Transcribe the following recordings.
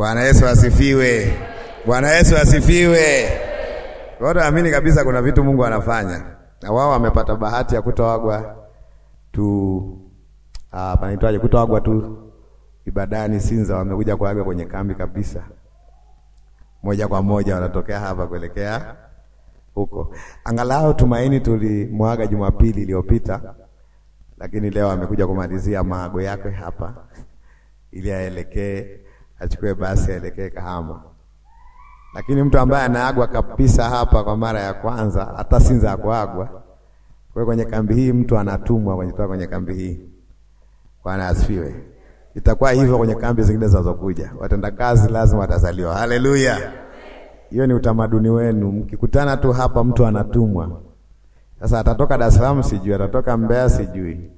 Bwana Yesu asifiwe. Bwana Yesu asifiwe. Watu amini kabisa kuna vitu Mungu anafanya. Na wao wamepata bahati ya kutowagwa tu ah, panaitwaje kutowagwa tu ibadani Sinza, wamekuja kuaga kwenye kambi kabisa. Moja kwa moja wanatokea hapa kuelekea huko. Angalau tumaini tulimwaga Jumapili iliyopita, lakini leo amekuja kumalizia maago yake hapa ili aelekee achukue basi aelekee Kahama. Lakini mtu ambaye anaagwa kabisa hapa kwa mara ya kwanza, hata sinza kuagwa kwa kwenye kambi hii, mtu anatumwa kwenye toka kwenye kambi hii. Bwana asifiwe. Itakuwa hivyo kwenye kambi zingine zinazokuja, watendakazi lazima watazaliwa. Haleluya! Hiyo ni utamaduni wenu, mkikutana tu hapa mtu anatumwa. Sasa atatoka Dar es Salaam sijui, atatoka Mbeya sijui,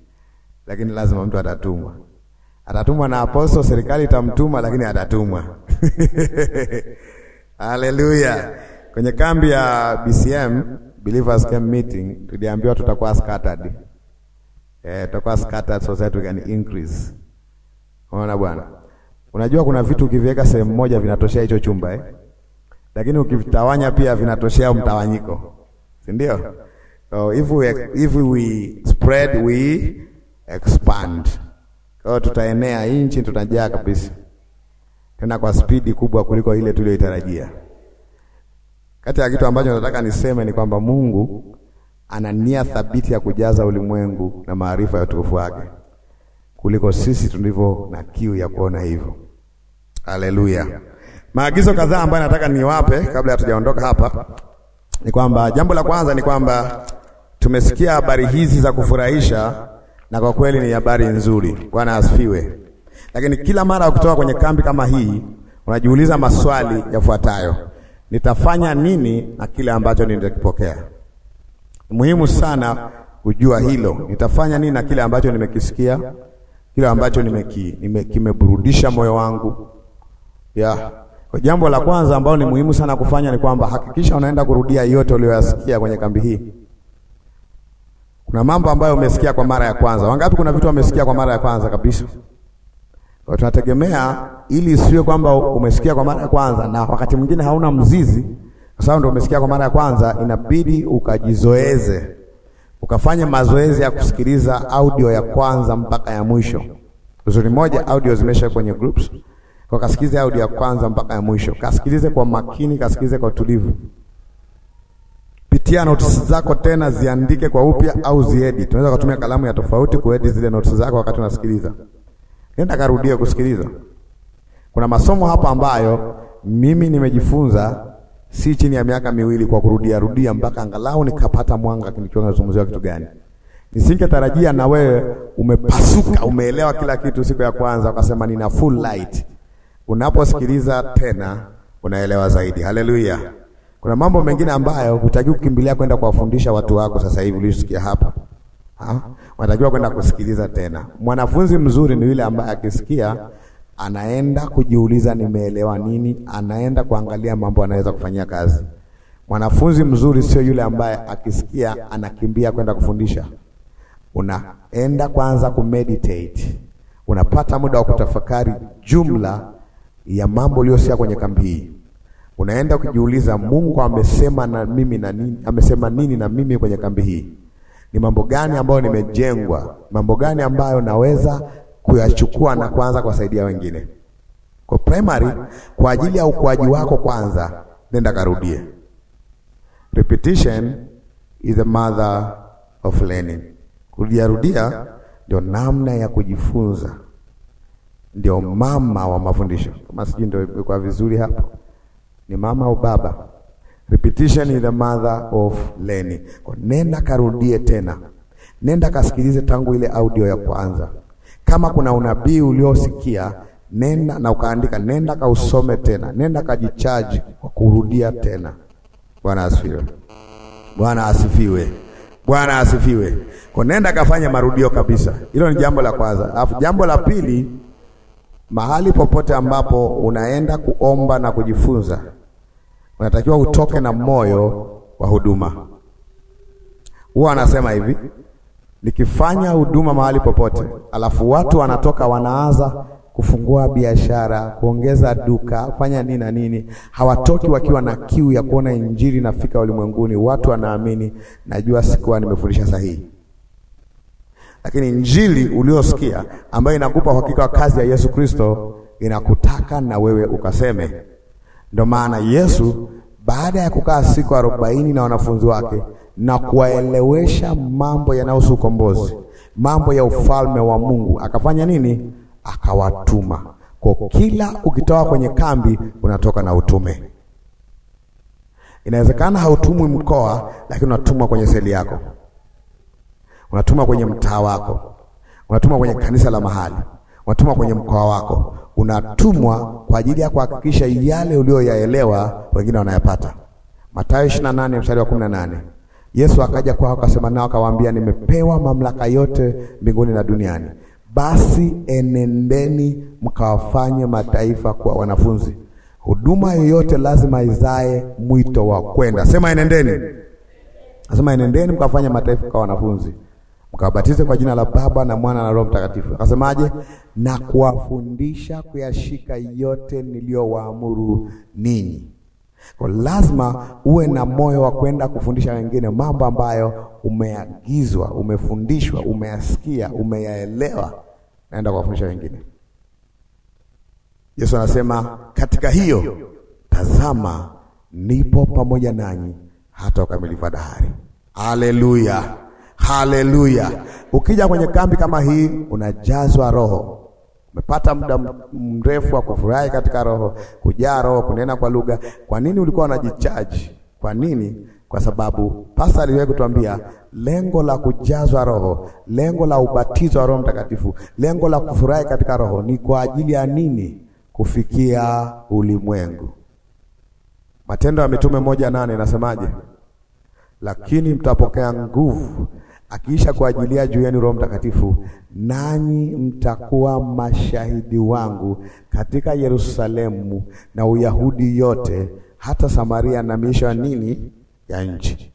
lakini lazima mtu atatumwa. Atatumwa na aposto, serikali itamtuma, lakini atatumwa. Haleluya! Kwenye kambi ya BCM, Believers Camp Meeting, tuliambiwa tutakuwa scattered. Eh, tutakuwa scattered so that we can increase. Unaona bwana? Unajua kuna vitu ukiviweka sehemu moja vinatoshea hicho chumba eh? Lakini ukivitawanya pia vinatoshea mtawanyiko. Si ndio? So if we if we spread we expand. Kwa tutaenea nchi, tunajaa kabisa, tena kwa spidi kubwa kuliko ile tuliyoitarajia. Kati ya kitu ambacho nataka niseme ni kwamba Mungu ana nia thabiti ya kujaza ulimwengu na maarifa ya utukufu wake kuliko sisi tulivyo na kiu ya kuona hivyo. Haleluya! Maagizo kadhaa ambayo nataka niwape kabla hatujaondoka hapa ni kwamba, jambo la kwanza ni kwamba tumesikia habari hizi za kufurahisha na kwa kweli ni habari nzuri. Bwana asifiwe. Lakini kila mara ukitoka kwenye kambi kama hii, unajiuliza maswali yafuatayo: nitafanya nini na kile ambacho nimekipokea? Muhimu sana kujua hilo, nitafanya nini na kile ambacho nimekisikia, kile ambacho nimeki, nime, kimeburudisha moyo wangu yeah. Kwa jambo la kwanza ambalo ni muhimu sana kufanya ni kwamba hakikisha unaenda kurudia yote uliyoyasikia kwenye kambi hii. Kuna mambo ambayo umesikia kwa mara ya kwanza. Wangapi kuna vitu wamesikia kwa mara ya kwanza kabisa? Kwa tunategemea ili isiwe kwamba umesikia kwa mara ya kwanza na wakati mwingine hauna mzizi, kwa sababu ndio umesikia kwa mara ya kwanza, inabidi ukajizoeze. Ukafanya mazoezi ya kusikiliza audio ya kwanza mpaka ya mwisho. Uzuri moja, audio zimesha kwenye groups. Kwa kasikilize audio ya kwanza mpaka ya mwisho. Kasikilize kwa makini, kasikilize kwa utulivu pitia notisi zako tena, ziandike kwa upya au ziedit. Tunaweza kutumia kalamu ya tofauti kuedit zile notisi zako wakati unasikiliza. Nenda karudia kusikiliza. Kuna masomo hapa ambayo mimi nimejifunza si chini ya miaka miwili kwa kurudia rudia mpaka angalau nikapata mwanga kinachozungumziwa kitu gani. Nisingetarajia na wewe umepasuka, umeelewa kila kitu siku ya kwanza ukasema nina full light. Unaposikiliza tena unaelewa zaidi. Haleluya. Kuna mambo mengine ambayo hutakiwi kukimbilia kwenda kuwafundisha watu wako sasa hivi ulisikia hapa. Ha? kwenda kusikiliza tena. Mwanafunzi mzuri ni yule ambaye akisikia anaenda kujiuliza nimeelewa nini, anaenda kuangalia mambo anaweza kufanyia kazi. Mwanafunzi mzuri sio yule ambaye akisikia anakimbia kwenda kufundisha. Unaenda kwanza kumeditate. Unapata muda wa kutafakari jumla ya mambo uliyosikia kwenye kambi hii unaenda kujiuliza, Mungu amesema na mimi na nini, amesema nini na mimi kwenye kambi hii? Ni mambo gani ambayo nimejengwa? Mambo gani ambayo naweza kuyachukua na kuanza kuwasaidia wengine? Kwa primary, kwa ajili ya ukuaji wako kwanza, nenda karudie. Repetition is the mother of learning. Kurudia rudia ndio namna ya kujifunza, ndio mama wa mafundisho. Kama sijui ndio kwa vizuri hapo ni mama au baba. Repetition is the mother of learning. Kwa nenda karudie tena, nenda kasikilize tangu ile audio ya kwanza. Kama kuna unabii uliosikia, nenda na ukaandika, nenda kausome tena, nenda kajichaji kwa kurudia tena. Bwana asifiwe. Bwana asifiwe. Bwana asifiwe. Kwa nenda kafanya marudio kabisa. Hilo ni jambo la kwanza. Alafu jambo la pili, mahali popote ambapo unaenda kuomba na kujifunza unatakiwa utoke na moyo wa huduma. Huwa anasema hivi, nikifanya huduma mahali popote, alafu watu wanatoka wanaanza kufungua biashara, kuongeza duka, kufanya nini na nini, hawatoki wakiwa na kiu ya kuona injili nafika ulimwenguni, watu wanaamini, najua sikuwa nimefundisha sahihi. Lakini injili uliosikia ambayo inakupa uhakika wa kazi ya Yesu Kristo inakutaka na wewe ukaseme ndio maana Yesu baada ya kukaa siku arobaini na wanafunzi wake na kuwaelewesha mambo yanayohusu ukombozi, mambo ya ufalme wa Mungu, akafanya nini? Akawatuma. Kwa kila ukitoka kwenye kambi unatoka na utume. Inawezekana hautumwi mkoa, lakini unatumwa kwenye seli yako, unatumwa kwenye mtaa wako, unatumwa kwenye kanisa la mahali watumwa kwenye mkoa wako, unatumwa kwa ajili ya kuhakikisha yale uliyoyaelewa wengine wanayapata. Mathayo 28 mstari wa 18. Yesu akaja kwao akasema nao akawaambia, nimepewa mamlaka yote mbinguni na duniani. Basi enendeni mkawafanye mataifa kuwa wanafunzi. Huduma yoyote lazima izae mwito wa kwenda. Sema enendeni, nasema enendeni mkawafanye mataifa kuwa wanafunzi mkawabatize kwa jina la Baba na Mwana na Roho Mtakatifu. Akasemaje? Na kuwafundisha kuyashika yote niliyowaamuru ninyi. Kwa lazima uwe na moyo wa kwenda kufundisha wengine mambo ambayo umeagizwa, umefundishwa, umeyasikia, umeyaelewa, naenda kuwafundisha wengine. Yesu anasema katika hiyo, tazama, nipo pamoja nanyi hata ukamilifu wa dahari. Haleluya! Haleluya! Ukija kwenye kambi kama hii unajazwa Roho. Umepata muda mrefu wa kufurahi katika Roho, kujaa Roho, kunena kwa lugha. Kwa nini ulikuwa unajichaji? Kwa nini? Kwa sababu pasta aliwahi kutuambia lengo la kujazwa Roho, lengo la ubatizo wa Roho Mtakatifu, lengo la kufurahi katika Roho ni kwa ajili ya nini? Kufikia ulimwengu. Matendo ya Mitume moja nane inasemaje? Lakini mtapokea nguvu akiisha kuajilia juu yenu Roho Mtakatifu, nanyi mtakuwa mashahidi wangu katika Yerusalemu na Uyahudi yote hata Samaria na miisho ya nini ya nchi.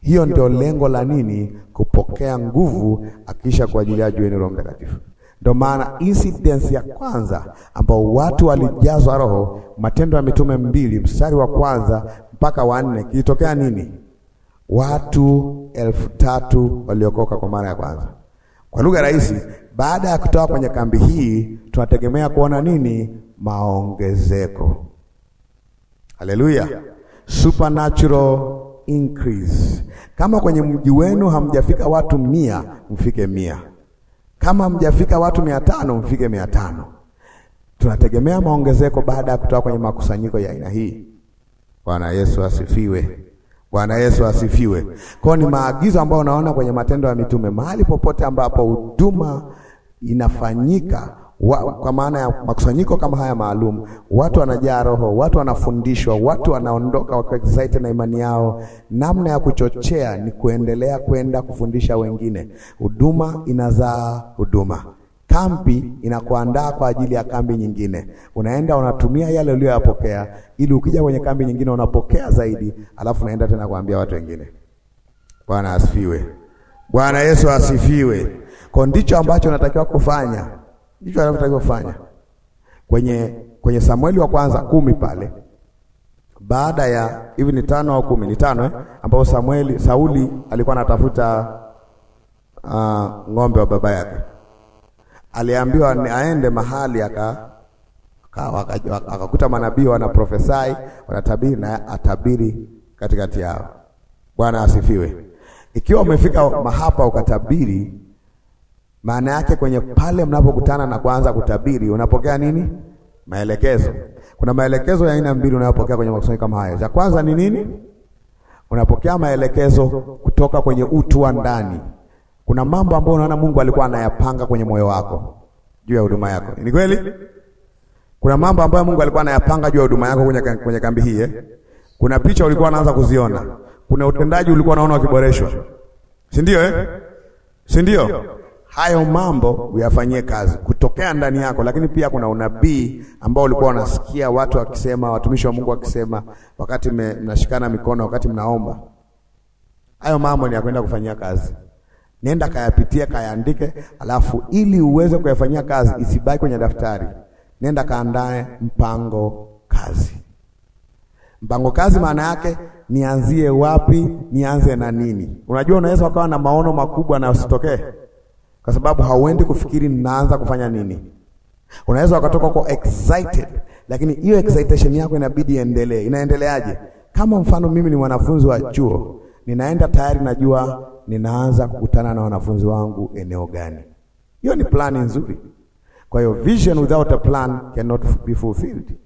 Hiyo ndio lengo la nini? Kupokea nguvu akiisha kuajilia juu yenu Roho Mtakatifu. Ndio maana incidence ya kwanza ambao watu walijazwa Roho, Matendo ya Mitume mbili mstari wa kwanza mpaka wa nne kilitokea nini? Watu elfu tatu waliokoka kwa mara ya kwanza. Kwa lugha rahisi, baada ya kutoka kwenye kambi hii tunategemea kuona nini? Maongezeko. Haleluya, supernatural increase. Kama kwenye mji wenu hamjafika watu mia, mfike mia. Kama hamjafika watu mia tano, mfike mia tano. Tunategemea maongezeko baada ya kutoka kwenye makusanyiko ya aina hii. Bwana Yesu asifiwe. Bwana Yesu asifiwe. Kwa ni maagizo ambayo unaona kwenye Matendo ya Mitume, mahali popote ambapo huduma inafanyika wa, kwa maana ya makusanyiko kama haya maalum, watu wanajaa Roho, watu wanafundishwa, watu wanaondoka wakiwa excited na imani yao. Namna ya kuchochea ni kuendelea kwenda kufundisha wengine. Huduma inazaa huduma. Kambi inakuandaa kwa ajili ya kambi nyingine. Unaenda unatumia yale uliyoyapokea, ili ukija kwenye kambi nyingine unapokea zaidi, alafu unaenda tena kuambia watu wengine. Bwana asifiwe. Bwana Yesu asifiwe. Kwa ndicho ambacho unatakiwa kufanya, ndicho unatakiwa kufanya kwenye kwenye Samueli wa kwanza kumi pale, baada ya hivi ni tano au kumi ni tano eh, ambapo Samueli Sauli alikuwa anatafuta uh, ng'ombe wa baba yake aliambiwa aende mahali aka akakuta manabii wanaprofesai wanatabiri, na atabiri katikati yao. Bwana asifiwe. Ikiwa umefika mahapa ukatabiri, maana yake kwenye pale mnapokutana na kuanza kutabiri, unapokea nini? Maelekezo. Kuna maelekezo ya aina mbili unayopokea kwenye makusanyiko kama haya. Cha kwanza ni nini? Unapokea maelekezo kutoka kwenye utu wa ndani kuna mambo ambayo unaona Mungu alikuwa anayapanga kwenye moyo wako juu ya huduma yako. Ni kweli? Kuna mambo ambayo Mungu alikuwa anayapanga juu ya huduma yako kwenye kwenye kambi hii eh? Kuna picha ulikuwa unaanza kuziona. Kuna utendaji ulikuwa unaona ukiboreshwa. Si ndio eh? Si ndio? Hayo mambo uyafanyie kazi kutokea ndani yako, lakini pia kuna unabii ambao ulikuwa unasikia watu wakisema, watumishi wa Mungu wakisema, wakati mnashikana mikono, wakati mnaomba. Hayo mambo ni ya kwenda kufanyia kazi. Nenda kayapitie, kayaandike, alafu ili uweze kuyafanyia kazi, isibaki kwenye daftari. Nenda kaandae mpango kazi. Mpango kazi maana yake nianzie wapi, nianze na nini? Unajua, unaweza ukawa na maono makubwa na usitokee kwa sababu hauendi kufikiri ninaanza kufanya nini. Unaweza ukatoka kwa excited, lakini hiyo excitation yako inabidi iendelee. Inaendeleaje? Kama mfano mimi ni mwanafunzi wa chuo, ninaenda tayari najua ninaanza kukutana na wanafunzi wangu eneo gani? Hiyo ni plani nzuri. Kwa hiyo vision without a plan cannot be fulfilled.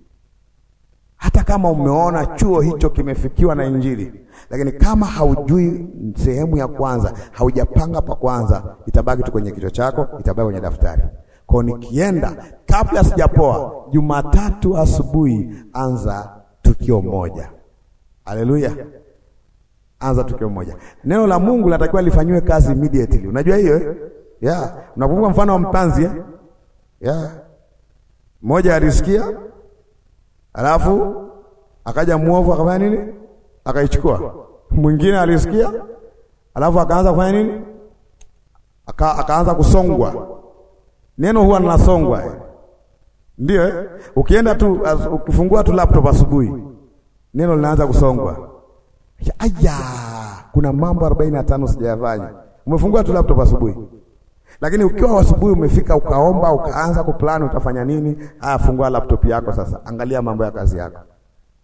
Hata kama umeona chuo hicho kimefikiwa na Injili, lakini kama haujui sehemu ya kwanza, haujapanga pa kwanza, itabaki tu kwenye kichwa chako, itabaki kwenye daftari. Kwa nikienda kabla sijapoa, Jumatatu asubuhi, anza tukio moja. Haleluya! anza tukio moja. Neno la Mungu linatakiwa lifanywe kazi immediately. Unajua hiyo eh? Yeah. Unakumbuka mfano wa mpanzi eh? Yeah. Mmoja alisikia alafu akaja muovu akafanya nini? Akaichukua. Mwingine alisikia alafu akaanza kufanya nini? Aka, akaanza kusongwa. Neno huwa linasongwa eh? Ndio eh? Ukienda tu ukifungua tu laptop asubuhi, neno linaanza kusongwa Aya, kuna mambo 45 sijayafanya. Umefungua tu laptop asubuhi. Lakini ukiwa asubuhi umefika ukaomba ukaanza kuplan utafanya nini? Ah, fungua laptop yako sasa. Angalia mambo ya kazi yako.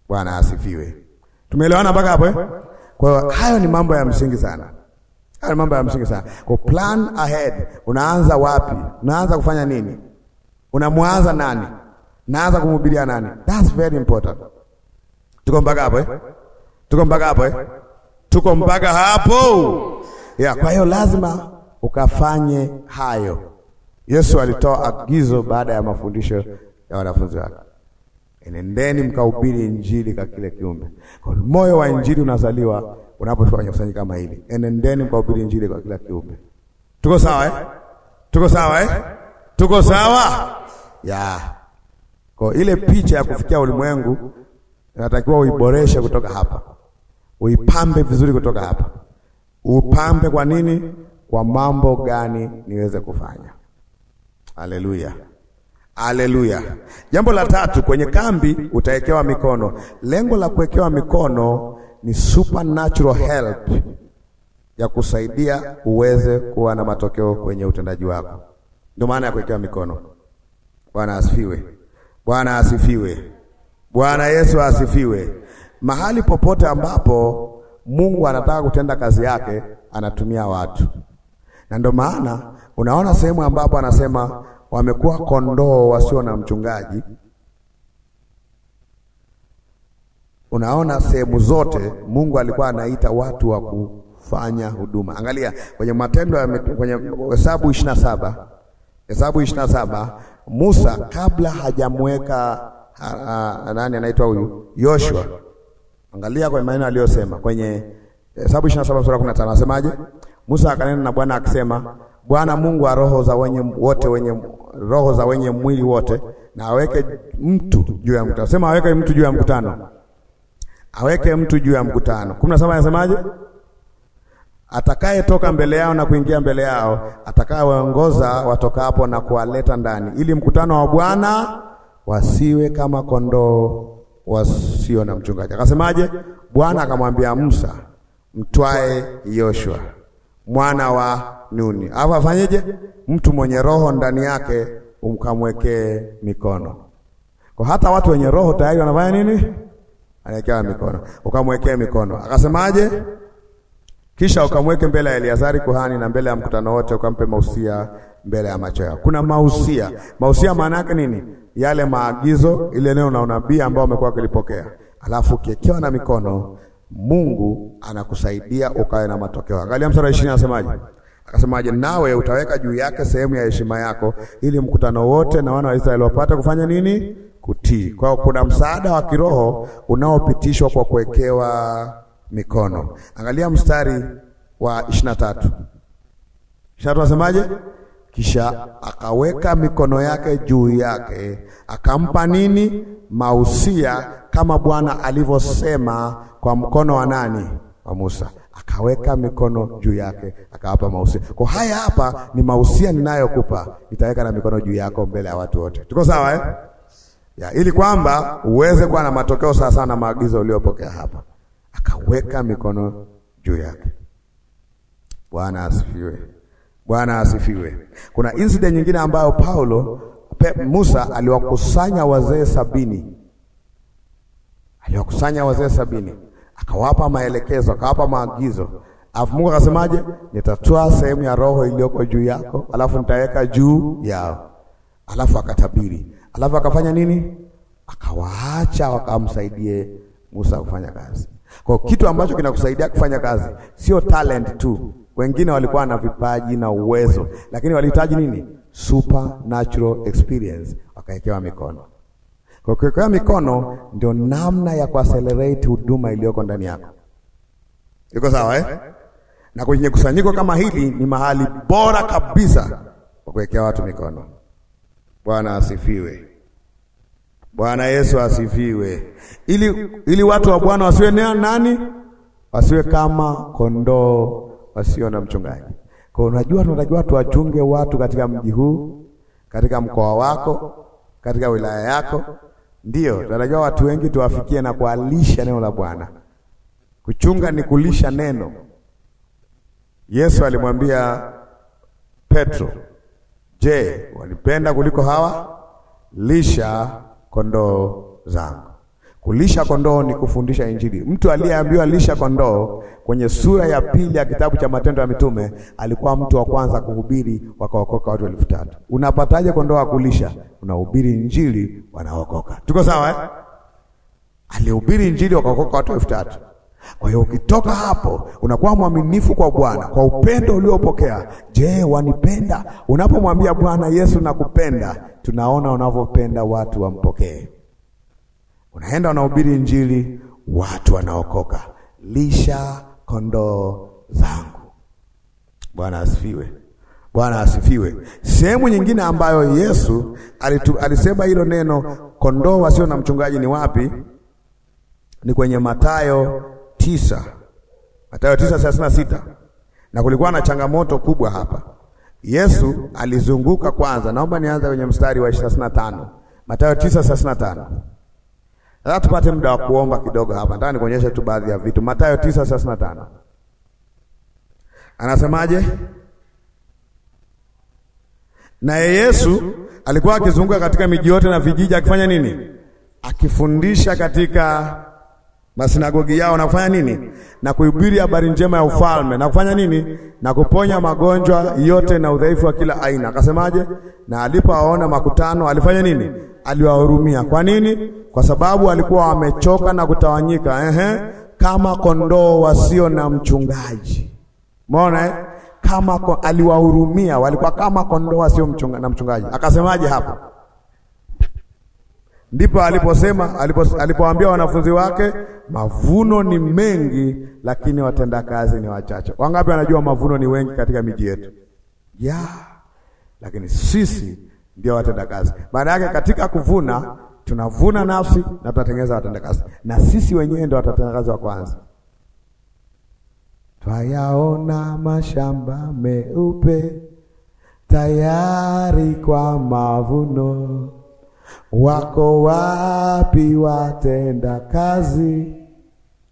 Bwana asifiwe. Tumeelewana mpaka hapo eh? Kwa hiyo hayo ni mambo ya msingi sana. Hayo ni mambo ya msingi sana. Kwa plan ahead, unaanza wapi? Unaanza kufanya nini? Unamwanza nani? Naanza kumhubiria nani? That's very important. Tuko mpaka hapo eh? Tuko mpaka hapo eh? Tuko mpaka hapo ya. Kwa hiyo lazima ukafanye hayo. Yesu alitoa agizo baada ya mafundisho ya wanafunzi wake, enendeni mkahubiri Injili kwa kile kiumbe. Kwa moyo wa Injili unazaliwa unapofanya kusanyi kama hili, enendeni mkahubiri Injili kwa kila kiumbe. Tuko sawa eh? Tuko sawa eh? Tuko sawa ya. Kwa ile picha ya kufikia ulimwengu inatakiwa uiboreshe kutoka hapa uipambe vizuri kutoka hapa. Upambe kwa nini? Kwa mambo gani niweze kufanya? Haleluya, haleluya. Jambo la tatu, kwenye kambi utawekewa mikono. Lengo la kuwekewa mikono ni supernatural help ya kusaidia uweze kuwa na matokeo kwenye utendaji wako. Ndio maana ya kuwekewa mikono. Bwana asifiwe, Bwana asifiwe, Bwana Yesu asifiwe mahali popote ambapo Mungu anataka kutenda kazi yake anatumia watu, na ndio maana unaona sehemu ambapo anasema wamekuwa kondoo wasio na mchungaji. Unaona sehemu zote Mungu alikuwa anaita watu wa kufanya huduma. Angalia kwenye Matendo ya kwenye Hesabu ishirini na saba Hesabu ishirini na saba Musa kabla hajamweka nani anaitwa huyu Yoshua Angalia kwa maneno aliyosema kwenye eh, Hesabu 27 sura 15 anasemaje? Musa akanena na Bwana akisema, Bwana Mungu wa roho za wenye wote wenye roho za wenye mwili wote na aweke mtu juu ya mkutano. Sema aweke mtu juu ya mkutano. Aweke mtu juu ya mkutano. 17 anasemaje? Atakayetoka mbele yao na kuingia mbele yao, atakayewaongoza watokapo na kuwaleta ndani, ili mkutano wa Bwana wasiwe kama kondoo wasio na mchungaji. Akasemaje? Bwana akamwambia Musa, mtwae Yoshua mwana wa Nuni, hapo afanyeje? Mtu mwenye roho ndani yake umkamwekee mikono. Kwa hata watu wenye roho tayari wanafanya nini? Anawekewa mikono, ukamwekee mikono. Akasemaje? Kisha ukamweke mbele ya Eliazari kuhani na mbele ya mkutano wote, ukampe mausia mbele ya macho yao. Kuna mausia, mausia maana yake nini? yale maagizo, ile neno na unabii ambao umekuwa ukilipokea, alafu ukiekewa na mikono, Mungu anakusaidia ukawe na matokeo. Angalia mstari wa 20 anasemaje? Akasemaje, nawe utaweka juu yake sehemu ya heshima yako, ili mkutano wote na wana wa Israeli wapate kufanya nini? Kutii. Kwa kuna msaada wa kiroho unaopitishwa kwa kuwekewa mikono. Angalia mstari wa 23. 23 anasemaje? Kisha akaweka mikono yake juu yake, akampa nini? Mausia, kama Bwana alivyosema kwa mkono wa nani? Wa Musa. Akaweka mikono juu yake, akawapa mausia. Kwa haya hapa ni mausia ninayokupa, itaweka na mikono juu yako mbele ya watu wote. Tuko sawa eh? Ya, ili kwamba uweze kuwa na matokeo sawa sana maagizo uliyopokea hapa. Akaweka mikono juu yake. Bwana asifiwe. Bwana asifiwe. Kuna incident nyingine ambayo Paulo pe, Musa aliwakusanya wazee sabini, aliwakusanya wazee sabini akawapa maelekezo, akawapa maagizo, alafu Mungu akasemaje? Nitatoa sehemu ya roho iliyoko juu yako, alafu nitaweka juu yao, alafu akatabiri, alafu akafanya nini? Akawaacha wakamsaidie Musa kufanya kazi. Kwa kitu ambacho kinakusaidia kufanya kazi sio talent tu wengine walikuwa na vipaji na uwezo, lakini walihitaji nini? Supernatural experience, wakawekewa mikono. Kwa kuwekewa mikono ndio namna ya kuaccelerate huduma iliyoko ndani yako. Iko sawa eh? Na kwenye kusanyiko kama hili ni mahali bora kabisa kwa kuwekea watu mikono. Bwana asifiwe. Bwana Yesu asifiwe. Ili, ili watu wa Bwana wasiwe nani? Wasiwe kama kondoo wasio na mchungaji. Kwa unajua, tunatakiwa tuwachunge watu katika mji huu, katika mkoa wako, katika wilaya yako. Ndiyo tunatakiwa watu wengi tuwafikie na kuwalisha neno la Bwana. Kuchunga ni kulisha neno. Yesu alimwambia Petro, je, wanipenda kuliko hawa? Lisha kondoo zangu. Kulisha kondoo ni kufundisha Injili. Mtu aliyeambiwa lisha kondoo kwenye sura ya pili ya kitabu cha Matendo ya Mitume alikuwa mtu wa kwanza kuhubiri, wakaokoka watu elfu tatu. Unapataje kondoo wa kulisha? Unahubiri Injili, wanaokoka. Tuko sawa eh? Alihubiri Injili, wakaokoka watu elfu tatu. Kwa hiyo ukitoka hapo unakuwa mwaminifu kwa Bwana kwa upendo uliopokea. Je, wanipenda? Unapomwambia Bwana Yesu nakupenda, tunaona unavyopenda watu wampokee. Unaenda unahubiri Injili, watu wanaokoka. Lisha kondoo zangu. Bwana asifiwe. Bwana asifiwe. Sehemu nyingine ambayo Yesu alitu, alisema hilo neno kondoo wasio na mchungaji ni wapi? Ni kwenye Mathayo tisa Mathayo tisa thelathini na sita na kulikuwa na changamoto kubwa hapa. Yesu alizunguka kwanza, naomba nianze kwenye mstari wa 25. Mathayo tisa thelathini na tano. Sasa tupate muda wa kuomba kidogo hapa. Nataka nikuonyeshe tu baadhi ya vitu. Mathayo 9:35. Anasemaje? Naye Yesu alikuwa akizunguka katika miji yote na vijiji akifanya nini? Akifundisha katika masinagogi yao na kufanya nini? Na kuhubiri habari njema ya ufalme na kufanya nini? Na kuponya magonjwa yote na udhaifu wa kila aina. Akasemaje? Na alipowaona makutano alifanya nini? Aliwahurumia. Kwa nini? Kwa sababu alikuwa wamechoka na kutawanyika, ehe, kama kondoo wasio na mchungaji. Umeona eh? Kama aliwahurumia, walikuwa kama kondoo wasio na mchungaji. Akasemaje hapo? Ndipo aliposema alipoambia wanafunzi wake, mavuno ni mengi, lakini watendakazi ni wachache. Wangapi wanajua mavuno ni wengi katika miji yetu? Yeah, lakini sisi ndio watendakazi. Maana yake katika kuvuna tunavuna nafsi na tunatengeneza watendakazi, na sisi wenyewe ndio watendakazi wa kwanza. Twayaona mashamba meupe tayari kwa mavuno Wako wapi watenda kazi?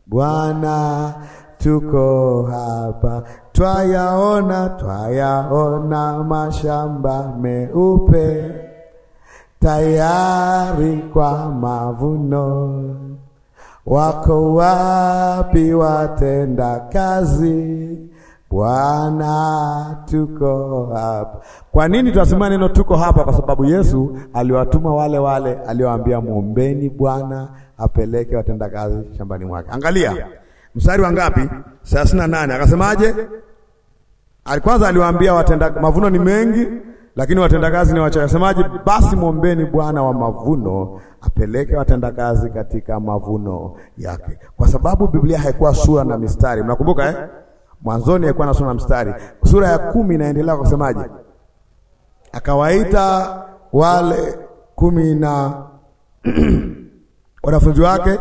Bwana, tuko hapa, twayaona twayaona mashamba meupe tayari kwa mavuno. Wako wapi watenda kazi? Bwana tuko hapa. Kwa nini tunasema neno tuko hapa? Kwa sababu Yesu aliwatuma wale wale aliowaambia, mwombeni Bwana apeleke watendakazi shambani mwake. Angalia mstari wa ngapi? 38 Akasemaje? kwanza aliwaambia watenda, mavuno ni mengi lakini watendakazi ni wachache. Akasemaje? Basi mwombeni Bwana wa mavuno apeleke watendakazi katika mavuno yake. Kwa sababu Biblia haikuwa sura na mistari, mnakumbuka eh? Mwanzoni alikuwa anasoma mstari, sura ya kumi inaendelea kusemaje? Akawaita wale kumi na wanafunzi wake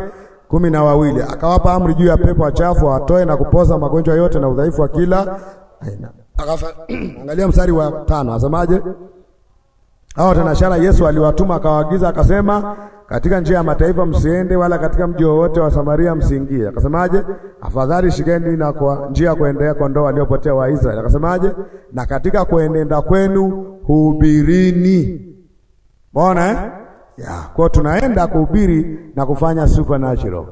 kumi na wawili, akawapa amri juu ya pepo wachafu watoe na kupoza magonjwa yote na udhaifu wa kila aina. Angalia mstari wa tano, asemaje? Hao watanashara Yesu aliwatuma akawaagiza, akasema katika njia ya mataifa msiende, wala katika mji wowote wa Samaria msiingie. Akasemaje? Afadhali shikeni na kwa njia kuendea kondoo waliopotea wa Israeli. Akasemaje? Na katika kuenenda kwenu hubirini. mbona eh? Ya, kwa tunaenda kuhubiri na kufanya supernatural.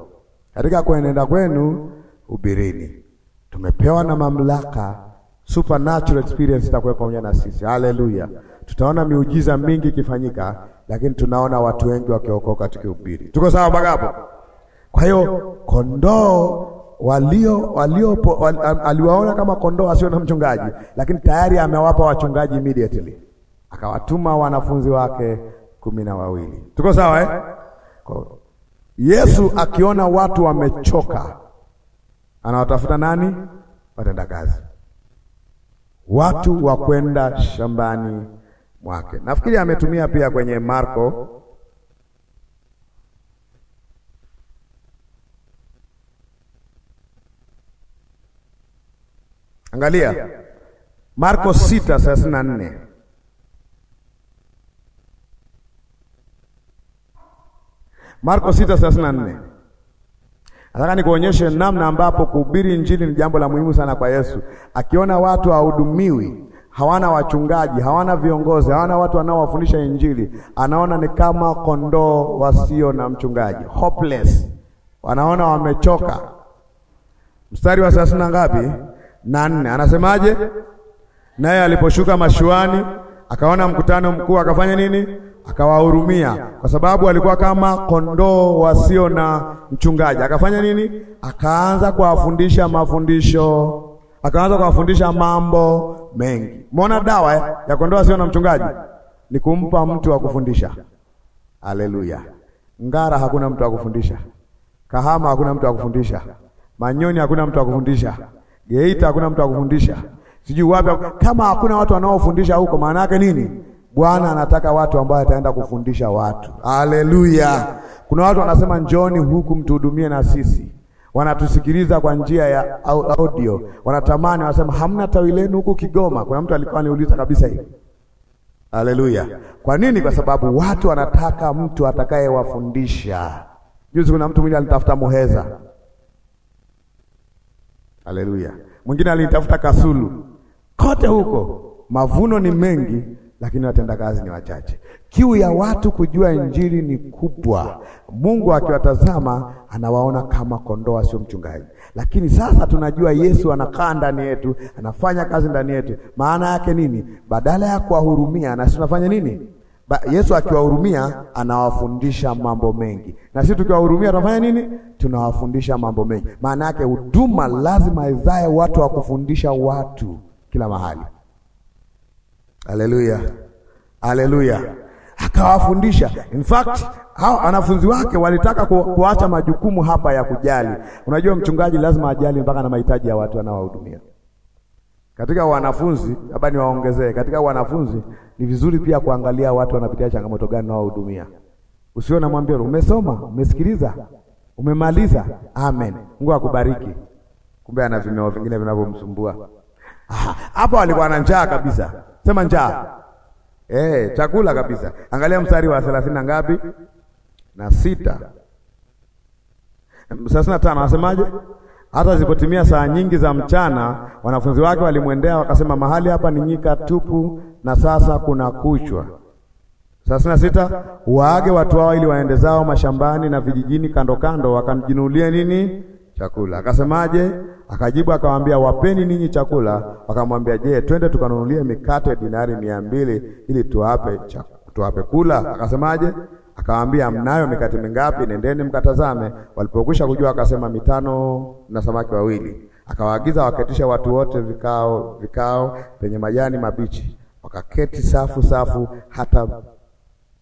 Katika kuenenda kwenu hubirini. Tumepewa na mamlaka supernatural experience itakuwa pamoja na sisi. Haleluya! Tutaona miujiza mingi ikifanyika, lakini tunaona watu wengi wakiokoka tukihubiri. Tuko sawa mpaka hapo? Kwa hiyo kondoo walio walio aliwaona kama kondoo asio na mchungaji, lakini tayari amewapa wachungaji immediately, akawatuma wanafunzi wake kumi na wawili. Tuko sawa eh? Kwa Yesu akiona watu wamechoka, anawatafuta nani? Watenda kazi watu wa kwenda shambani mwake. Nafikiri ametumia pia kwenye Marko Angalia Marko 6:34 Marko 6:34 Nataka nikuonyeshe namna ambapo kuhubiri injili ni jambo la muhimu sana kwa Yesu. Akiona watu hawahudumiwi, hawana wachungaji, hawana viongozi, hawana watu wanaowafundisha injili, anaona ni kama kondoo wasio na mchungaji, hopeless, wanaona wamechoka. Mstari wa thelathini na ngapi na nne anasemaje? Naye aliposhuka mashuani akaona mkutano mkuu, akafanya nini? akawahurumia, kwa sababu alikuwa kama kondoo wasio na mchungaji. Akafanya nini? Akaanza kuwafundisha mafundisho, akaanza kuwafundisha mambo mengi. Umeona dawa eh, ya kondoo wasio na mchungaji ni kumpa mtu wa kufundisha. Haleluya! Ngara hakuna mtu wa kufundisha, Kahama hakuna mtu wa kufundisha, Manyoni hakuna mtu wa kufundisha, Geita hakuna mtu wa kufundisha, sijui wapi. Kama hakuna watu wanaofundisha huko, maana yake nini? Bwana anataka watu ambao ataenda kufundisha watu. Haleluya! Kuna watu wanasema njoni huku mtuhudumie na sisi, wanatusikiliza kwa njia ya audio, wanatamani, wanasema hamna tawi lenu huku Kigoma. Kuna mtu alikuwa aniuliza kabisa hivi. Haleluya! Kwa nini? Kwa sababu watu wanataka mtu atakayewafundisha. Juzi kuna mtu mwingine alitafuta Muheza. Haleluya! Mwingine alitafuta Kasulu, kote huko mavuno ni mengi lakini watenda kazi ni wachache. Kiu ya watu kujua injili ni kubwa. Mungu akiwatazama anawaona kama kondoo, sio mchungaji. Lakini sasa tunajua Yesu anakaa ndani yetu, anafanya kazi ndani yetu. Maana yake nini? Badala ya kuwahurumia, na sisi tunafanya nini? Ba, Yesu akiwahurumia anawafundisha mambo mengi, na sisi tukiwahurumia tunafanya nini? Tunawafundisha mambo mengi. Maana yake huduma lazima izae watu wa kufundisha watu kila mahali. Haleluya, haleluya. Akawafundisha. In fact hao wanafunzi wake walitaka ku, kuacha majukumu hapa ya kujali. Unajua mchungaji lazima ajali mpaka na mahitaji ya watu anaowahudumia. Katika wanafunzi, labda niwaongezee, katika wanafunzi ni vizuri pia kuangalia watu wanapitia changamoto gani na wahudumia. Usiwe na mwambie umesoma, umesikiliza, umemaliza. Amen. Mungu akubariki. Kumbe ana vimeo vingine vinavyomsumbua. Hapa walikuwa na njaa kabisa sema njaa eh, chakula kabisa. Angalia mstari wa thelathini na ngapi na sita thelathini na tano anasemaje? Hata zilipotimia saa nyingi za mchana, wanafunzi wake walimwendea wakasema, mahali hapa ni nyika tupu, na sasa kuna kuchwa. thelathini na sita waage watu wao ili waende zao mashambani na vijijini kando kando, wakamjinulia nini chakula. Akasemaje? Akajibu akamwambia, wapeni ninyi chakula. Wakamwambia, je, twende tukanunulie mikate dinari mia mbili ili tuwape tuwape kula? Akasemaje? Akamwambia, mnayo mikate mingapi? Nendeni mkatazame. Walipokwisha kujua, akasema mitano na samaki wawili. Akawaagiza waketisha watu wote vikao vikao penye majani mabichi, wakaketi safu safu, hata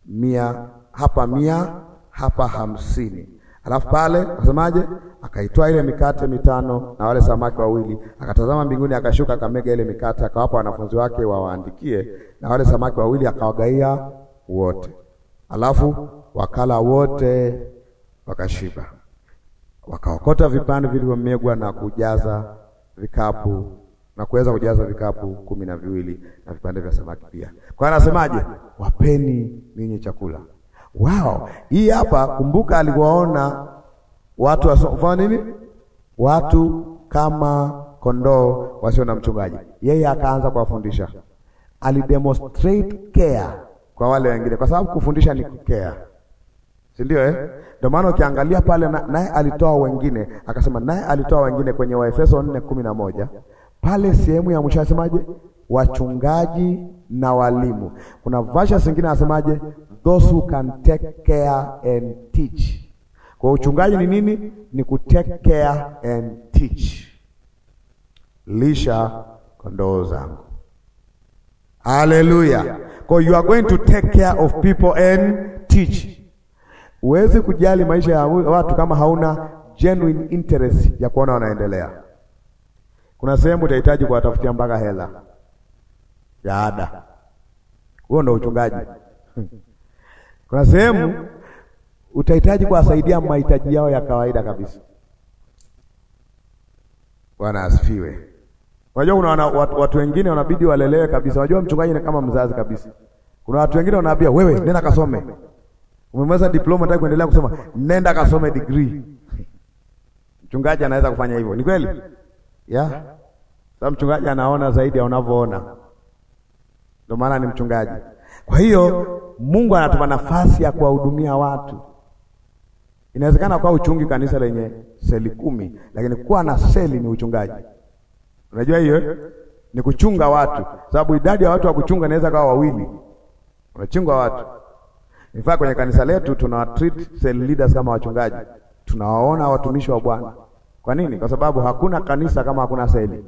mia hapa mia hapa hamsini. Alafu pale akasemaje? Akaitoa ile mikate mitano na wale samaki wawili, akatazama mbinguni, akashuka, akamega ile mikate, akawapa wanafunzi wake wawaandikie, na wale samaki wawili akawagaia wote. Alafu wakala wote, wakashiba, wakaokota vipande vilivyomegwa na kujaza vikapu na kuweza kujaza vikapu kumi na viwili na vipande vya samaki pia. Kwa anasemaje? Wapeni ninyi chakula wao. Hii hapa kumbuka, aliwaona watu wasiofaa nini? Watu kama kondoo wasio na mchungaji. Yeye akaanza kuwafundisha, alidemonstrate care kwa wale wengine, kwa sababu kufundisha ni care, si ndio? Eh, ndio maana ukiangalia pale, naye alitoa wengine, akasema naye alitoa wengine kwenye Waefeso 4:11 pale sehemu ya mwisho asemaje? Wachungaji na walimu. Kuna vasha zingine asemaje? Those who can take care and teach kwa uchungaji ni nini? Ni kutake care and teach, lisha kondoo zangu. Haleluya! Kwa you are going to take care of people and teach. Huwezi kujali maisha ya watu kama hauna genuine interest ya kuona wanaendelea. Kuna sehemu utahitaji kuwatafutia mpaka hela ya ada. Huo ndo uchungaji. Kuna sehemu utahitaji kuwasaidia mahitaji yao ya kawaida kabisa. Bwana asifiwe. Unajua kuna watu wengine wanabidi walelewe kabisa. Unajua mchungaji ni kama mzazi kabisa. Kuna watu wengine wanaambia wewe, nenda kasome, umemaliza diploma, nataka kuendelea kusoma, nenda kasome degree. Mchungaji anaweza kufanya hivyo, ni kweli yeah? Sasa mchungaji anaona zaidi ya unavyoona, ndio maana ni mchungaji. Kwa hiyo Mungu anatupa nafasi ya kuwahudumia watu. Inawezekana kwa uchungi kanisa lenye seli kumi, lakini kuwa na seli ni uchungaji. Unajua hiyo ni kuchunga watu, sababu idadi ya watu wa kuchunga inaweza kawa wawili, unachunga watu. Nifaa kwenye kanisa letu tuna treat cell leaders kama wachungaji, tunawaona watumishi wa Bwana. Kwa nini? Kwa sababu hakuna kanisa kama hakuna seli.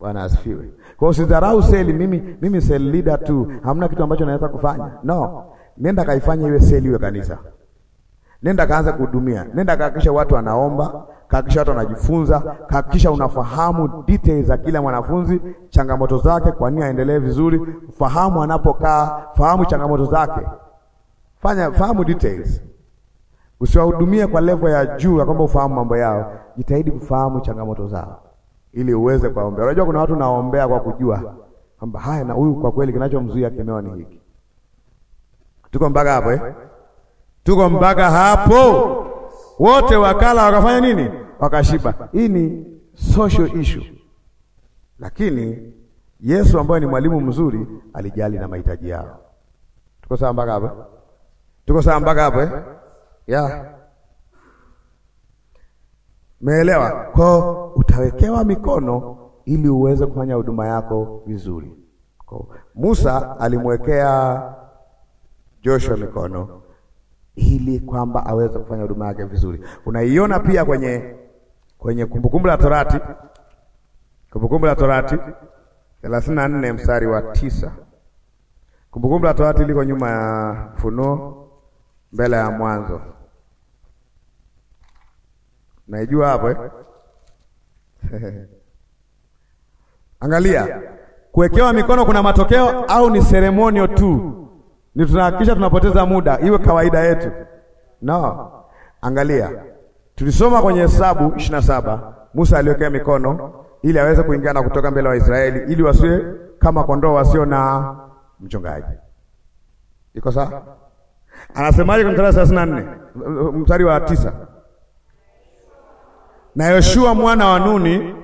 Bwana asifiwe. Kwa usidharau seli. Mimi mimi cell leader tu, hamna kitu ambacho naweza kufanya. No, nenda kaifanya iwe seli, iwe kanisa. Nenda kaanza kuhudumia, nenda kahakisha watu wanaomba, kahakisha watu wanajifunza, kahakisha unafahamu details za kila mwanafunzi, changamoto zake, kwa nini aendelee vizuri, fahamu anapokaa, fahamu changamoto zake, fanya fahamu details. Usiwahudumie kwa level ya juu ya kwamba ufahamu mambo yao, jitahidi kufahamu changamoto zao ili uweze kuwaombea. Unajua kuna watu naombea kwa kujua kwamba haya na huyu kwa kweli kinachomzuia kimeo ni hiki. Tuko mpaka hapo eh? Tuko mpaka hapo, wote wakala wakafanya nini? Wakashiba. Hii ni social issue, lakini Yesu ambaye ni mwalimu mzuri alijali na mahitaji yao. Tuko sawa mpaka hapo? Tuko sawa mpaka hapo eh? Yeah. Meelewa? Kwa utawekewa mikono ili uweze kufanya huduma yako vizuri. Kwa Musa alimwekea Joshua mikono ili kwamba aweze kufanya huduma yake vizuri. Unaiona pia kwenye kwenye Kumbukumbu la Torati, Kumbukumbu la Torati 34 mstari wa tisa. Kumbukumbu la Torati liko nyuma ya Funuo, mbele ya Mwanzo. Naijua hapo eh? Angalia, kuwekewa mikono kuna matokeo au ni seremonio tu? ni tunahakikisha tunapoteza muda, iwe kawaida yetu. No, angalia, tulisoma kwenye Hesabu ishirini na saba Musa aliwekea mikono ili aweze kuingia na kutoka mbele wa Israeli, ili wasiwe kama kondoo wasio na mchungaji. Iko sawa? Anasemaje kwenye sura ya 34 mstari wa tisa? Na Yoshua mwana wa Nuni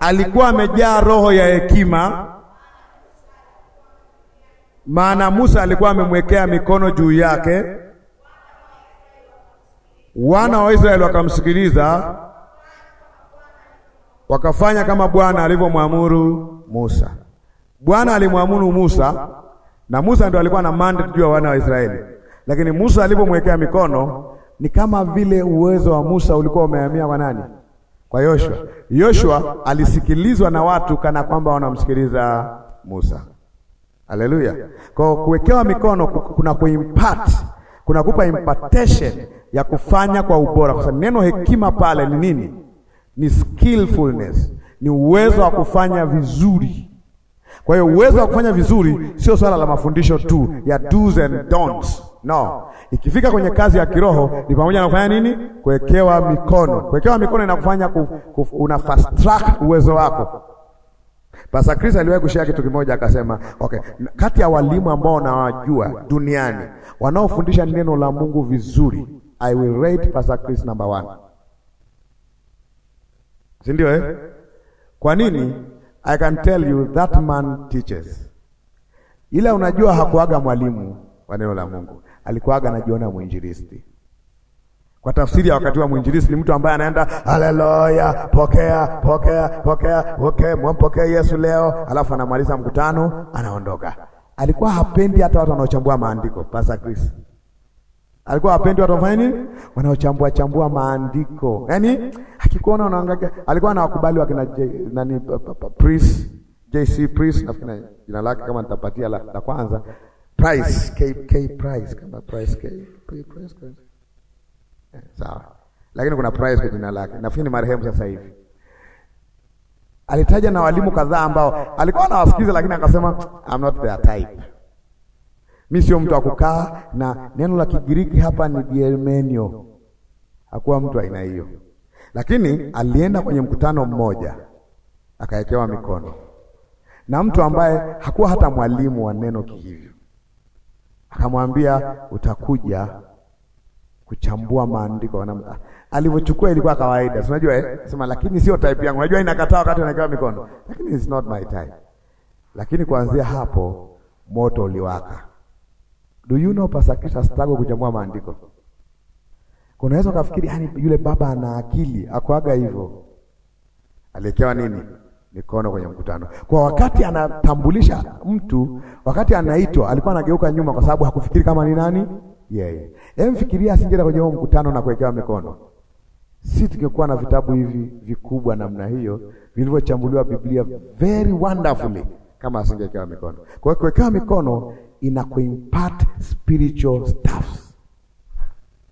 alikuwa amejaa roho ya hekima maana Musa alikuwa amemwekea mikono juu yake, wana wa Israeli wakamsikiliza, wakafanya kama Bwana alivyomwamuru Musa. Bwana alimwamuru Musa na Musa ndio alikuwa na mandate juu ya wana wa Israeli, lakini Musa alipomwekea mikono ni kama vile uwezo wa Musa ulikuwa umehamia kwa nani? Kwa Yoshua. Yoshua alisikilizwa na watu kana kwamba wanamsikiliza Musa. Haleluya! Kwa kuwekewa mikono kuna kuimpart, kuna kupa impartation ya kufanya kwa ubora, kwa sababu neno hekima pale ni nini? Ni skillfulness, ni uwezo wa kufanya vizuri. Kwa hiyo uwezo wa kufanya vizuri sio swala la mafundisho tu ya do's and don'ts. No, ikifika kwenye kazi ya kiroho ni pamoja na kufanya nini? Kuwekewa mikono. Kuwekewa mikono inakufanya ku, ku, una fast track uwezo wako Pastor Chris aliwahi kushare kitu kimoja akasema, okay, kati ya walimu ambao nawajua duniani wanaofundisha neno la Mungu vizuri, I will rate Pastor Chris number one, si ndio eh? Kwa nini? I can tell you that man teaches, ila unajua hakuaga mwalimu wa neno la Mungu, alikuaga anajiona mwinjilisti. Kwa tafsiri ya wakati wa mwinjilisi ni mtu ambaye anaenda haleluya, pokea pokea pokea, okay, mwampokee Yesu leo, alafu anamaliza mkutano anaondoka. Alikuwa hapendi hata watu wanaochambua maandiko. Pastor Chris alikuwa hapendi watu wafanye nini, wanaochambua chambua maandiko. Yaani akikuona unaangalia, alikuwa anawakubali wakina nani, Priest JC Priest, nafikiri jina lake kama nitapatia la, la kwanza Price K K Price kama Price K Price sawa, lakini kuna prize kwa jina lake. Nafikiri ni marehemu sasa hivi. Alitaja na walimu kadhaa ambao alikuwa anawasikiza, lakini akasema I'm not their type, mi sio mtu wa kukaa na neno la Kigiriki hapa ni dielmenio. Hakuwa mtu aina hiyo, lakini alienda kwenye mkutano mmoja akawekewa mikono na mtu ambaye hakuwa hata mwalimu wa neno kihivyo, akamwambia utakuja kuchambua maandiko. na Alivyochukua ilikuwa kawaida, unajua eh? Sema lakini sio type yangu, unajua inakataa wakati anakaa mikono, lakini it's not my type. Lakini kuanzia hapo moto uliwaka. Do you know Kisha stago kuchambua maandiko? Kuna Kunaweza kafikiri yani yule baba ana akili, akwaga hivyo. Aliwekewa nini? Mikono kwenye mkutano. Kwa wakati anatambulisha mtu, wakati anaitwa, alikuwa anageuka nyuma kwa sababu hakufikiri kama ni nani yeye. yeah. Emfikiria asingeenda kwenye huo mkutano na kuwekewa mikono, si tungekuwa na vitabu hivi vikubwa namna hiyo vilivyochambuliwa Biblia very wonderfully kama asingekewa mikono. Kwa hiyo kuwekewa mikono ina kuimpart spiritual stuff.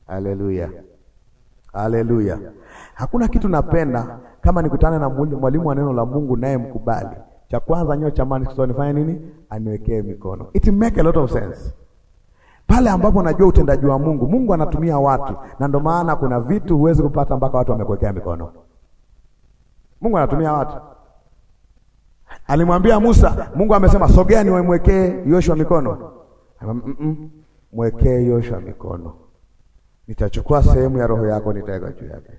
Haleluya, haleluya! Hakuna kitu napenda kama nikutane na mwalimu wa neno la Mungu naye mkubali cha kwanza nyo chamani, nifanye nini? Aniwekee mikono. It make a lot of sense. Pale ambapo najua utendaji wa Mungu, Mungu anatumia watu, na ndio maana kuna vitu huwezi kupata mpaka watu wamekuwekea mikono. Mungu anatumia watu. Alimwambia Musa, Mungu amesema sogea ni wamwekee Yoshua mikono. Mm, mm, mwekee Yoshua mikono, nitachukua sehemu ya roho yako, nitaweka juu yake,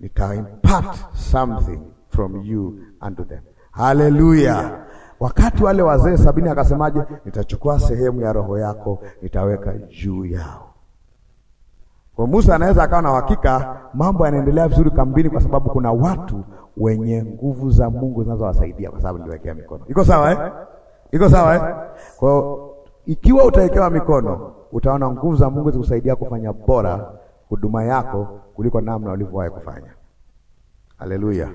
nita impart something from you unto them. Hallelujah. Wakati wale wazee sabini akasemaje? Nitachukua sehemu ya roho yako nitaweka juu yao. Kwa Musa anaweza akawa na hakika mambo yanaendelea vizuri kambini, kwa sababu kuna watu wenye nguvu za Mungu zinazowasaidia, kwa sababu niliwekea mikono. Iko sawa eh? Iko sawa eh? Kwa ikiwa utawekewa mikono, utaona nguvu za Mungu zikusaidia kufanya bora huduma yako kuliko namna ulivyowahi kufanya. Haleluya!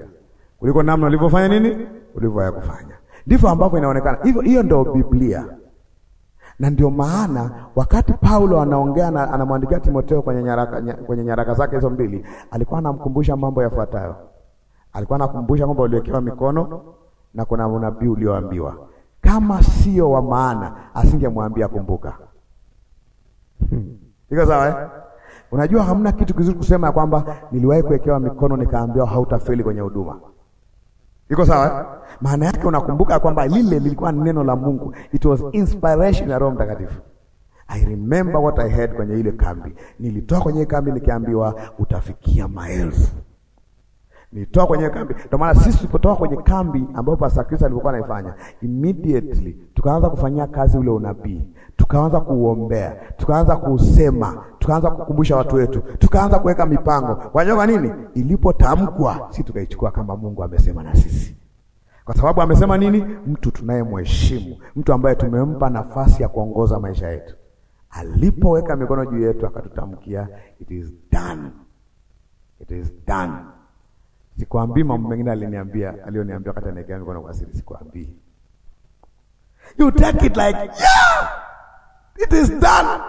kuliko namna ulivyofanya nini, ulivyowahi kufanya ndivyo ambavyo inaonekana hivyo. Hiyo ndio Biblia, na ndio maana wakati Paulo anaongea anamwandikia Timotheo kwenye nyaraka, kwenye nyaraka zake hizo mbili, alikuwa anamkumbusha mambo yafuatayo. Alikuwa anakumbusha kwamba uliwekewa mikono na kuna unabii ulioambiwa, kama sio wa maana asingemwambia kumbuka. Hmm. Iko sawa eh? Unajua hamna kitu kizuri kusema ya kwamba niliwahi kuwekewa mikono nikaambiwa hautafeli kwenye huduma. Iko sawa? Maana yake unakumbuka kwamba lile lilikuwa neno la Mungu, it was inspiration ya Roho Mtakatifu. I remember what I heard kwenye ile kambi. nilitoa kwenye kambi nikiambiwa utafikia maelfu. Nilitoa kwenye kambi. Ndio maana sisi tulipotoka kwenye kambi ambapo Pastor Chris alikuwa anaifanya, immediately tukaanza kufanyia kazi ule unabii tukaanza kuuombea, tukaanza kuusema, tukaanza kukumbusha watu wetu, tukaanza kuweka mipango. Wajua kwa nini? Ilipotamkwa si tukaichukua kama Mungu amesema na sisi, kwa sababu amesema nini? Mtu tunayemheshimu, mtu ambaye tumempa nafasi ya kuongoza maisha yetu, alipoweka mikono juu yetu akatutamkia, it is done, it is done. Sikwambii mambo mengine aliniambia, alioniambia kata naekea mikono kwa siri, sikwambii. You take it like yeah! It is done.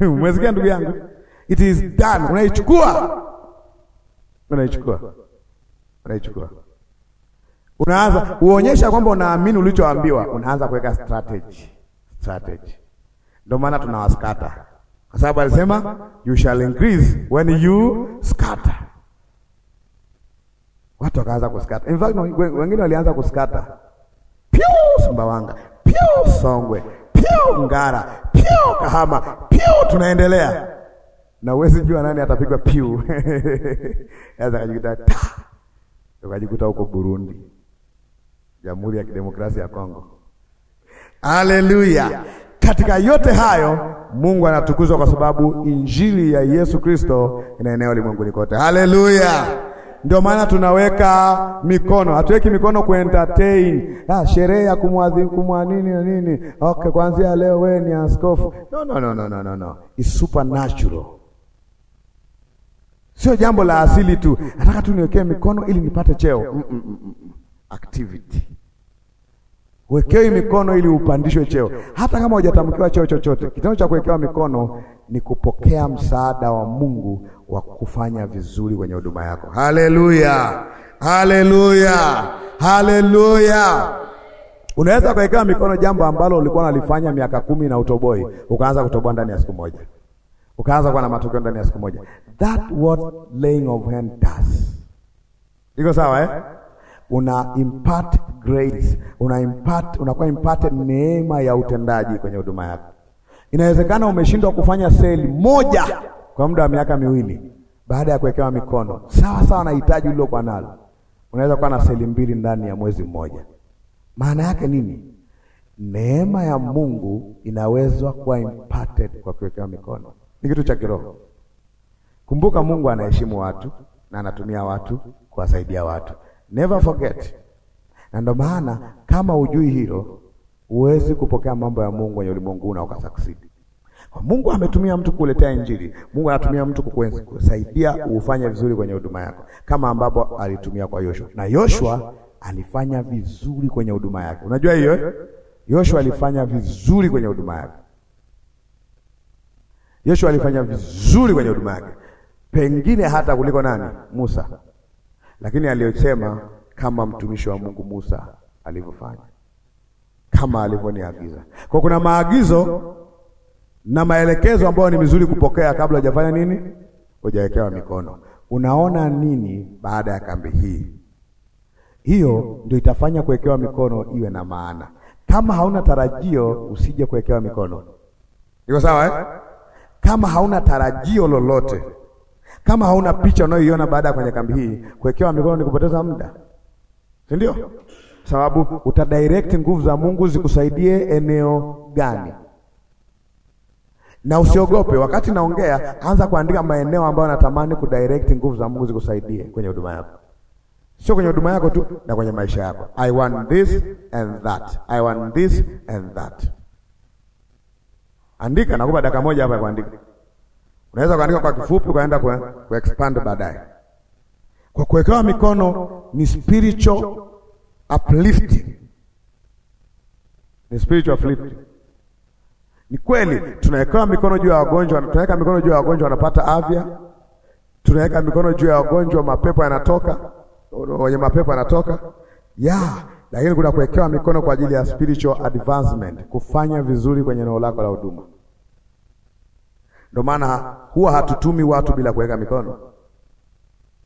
Umesikia ndugu yangu? It is done. Unaichukua, unaichukua, unaichukua. Unaanza uonyesha kwamba unaamini ulichoambiwa, unaanza kuweka strategy, strategy. Ndio maana tunawaskata kwa sababu alisema you shall increase when you scatter. Watu wakaanza kuskata. In fact wengine walianza kuskata, piu Sumbawanga, piu Songwe piu Ngara, piu Kahama, piu tunaendelea, na uwezi jua nani atapigwa piu kajikuta ukajikuta huko Burundi, Jamhuri ya Kidemokrasia ya Kongo. Haleluya! Katika yote hayo Mungu anatukuzwa kwa sababu injili ya Yesu Kristo inaenea ulimwenguni kote. Haleluya! Ndio maana tunaweka mikono, hatuweki mikono ku entertain ah, sherehe ya kumwadhi nini na nini. Okay, kuanzia leo wewe ni askofu. No, no, no, no, no, no. It's supernatural, sio jambo la asili tu. Nataka tu niwekee mikono ili nipate cheo. Mm, mm -mm -mm. Activity Wekewi mikono ili upandishwe cheo, hata kama hujatamkiwa cheo chochote. Kitendo cha kuwekewa mikono ni kupokea msaada wa Mungu kwa kufanya vizuri kwenye huduma yako. Haleluya, haleluya, haleluya! Unaweza kuwekewa mikono jambo ambalo ulikuwa unalifanya miaka kumi na utoboi, ukaanza kutoboa ndani ya siku moja, ukaanza kuwa na matokeo ndani ya siku moja. That what laying of hand does. Iko sawa eh? Una impart grace, una impart, unakuwa impart neema ya utendaji kwenye huduma yako. Inawezekana umeshindwa kufanya seli moja kwa muda wa miaka miwili baada ya kuwekewa mikono sawa sawa na hitaji ulilokuwa nalo. Unaweza kuwa na seli mbili ndani ya mwezi mmoja. Maana yake nini? Neema ya Mungu inawezwa kuwa imparted kwa kuwekewa mikono, ni kitu cha kiroho. Kumbuka, Mungu anaheshimu watu na anatumia watu kuwasaidia watu, never forget. Na ndio maana kama ujui hilo, huwezi kupokea mambo ya Mungu kwenye ulimwengu na ukasucceed. Mungu ametumia mtu kukuletea Injili. Mungu anatumia mtu kukusaidia ufanye vizuri kwenye huduma yako, kama ambapo alitumia kwa Yoshua, na Yoshua alifanya vizuri kwenye huduma yake. Unajua hiyo, Yoshua alifanya vizuri kwenye huduma yake. Yoshua alifanya vizuri kwenye huduma yake, pengine hata kuliko nani? Musa. Lakini aliyosema kama mtumishi wa Mungu Musa alivyofanya, kama alivyoniagiza. Kwa kuna maagizo na maelekezo ambayo ni mizuri kupokea kabla hujafanya nini, hujawekewa mikono. Unaona nini baada ya kambi hii? Hiyo ndio itafanya kuwekewa mikono iwe na maana. Kama hauna tarajio, usije kuwekewa mikono. Iko sawa eh? Kama hauna tarajio lolote, kama hauna picha unayoiona baada ya kwenye kambi hii, kuwekewa mikono ni kupoteza muda, si ndio? Sababu utadirect nguvu za Mungu zikusaidie eneo gani? na usiogope. Wakati naongea, anza kuandika maeneo ambayo natamani kudirect nguvu za Mungu zikusaidie kwenye huduma yako, sio kwenye huduma yako tu, na kwenye maisha yako. I want this and that, I want this and that. Andika, nakupa dakika moja hapa kuandika. Unaweza kuandika kwa kifupi, ukaenda kwa, ku expand baadaye. Kwa kuwekewa mikono ni spiritual uplifting, ni spiritual uplifting ni kweli tunawekewa mikono juu ya wagonjwa, tunaweka mikono juu ya wagonjwa wanapata afya, tunaweka mikono juu ya wagonjwa mapepo yanatoka, wenye mapepo yanatoka ya yeah. Lakini kuna kuwekewa mikono kwa ajili ya spiritual advancement, kufanya vizuri kwenye eneo lako la huduma. Ndio maana huwa hatutumi watu bila kuweka mikono.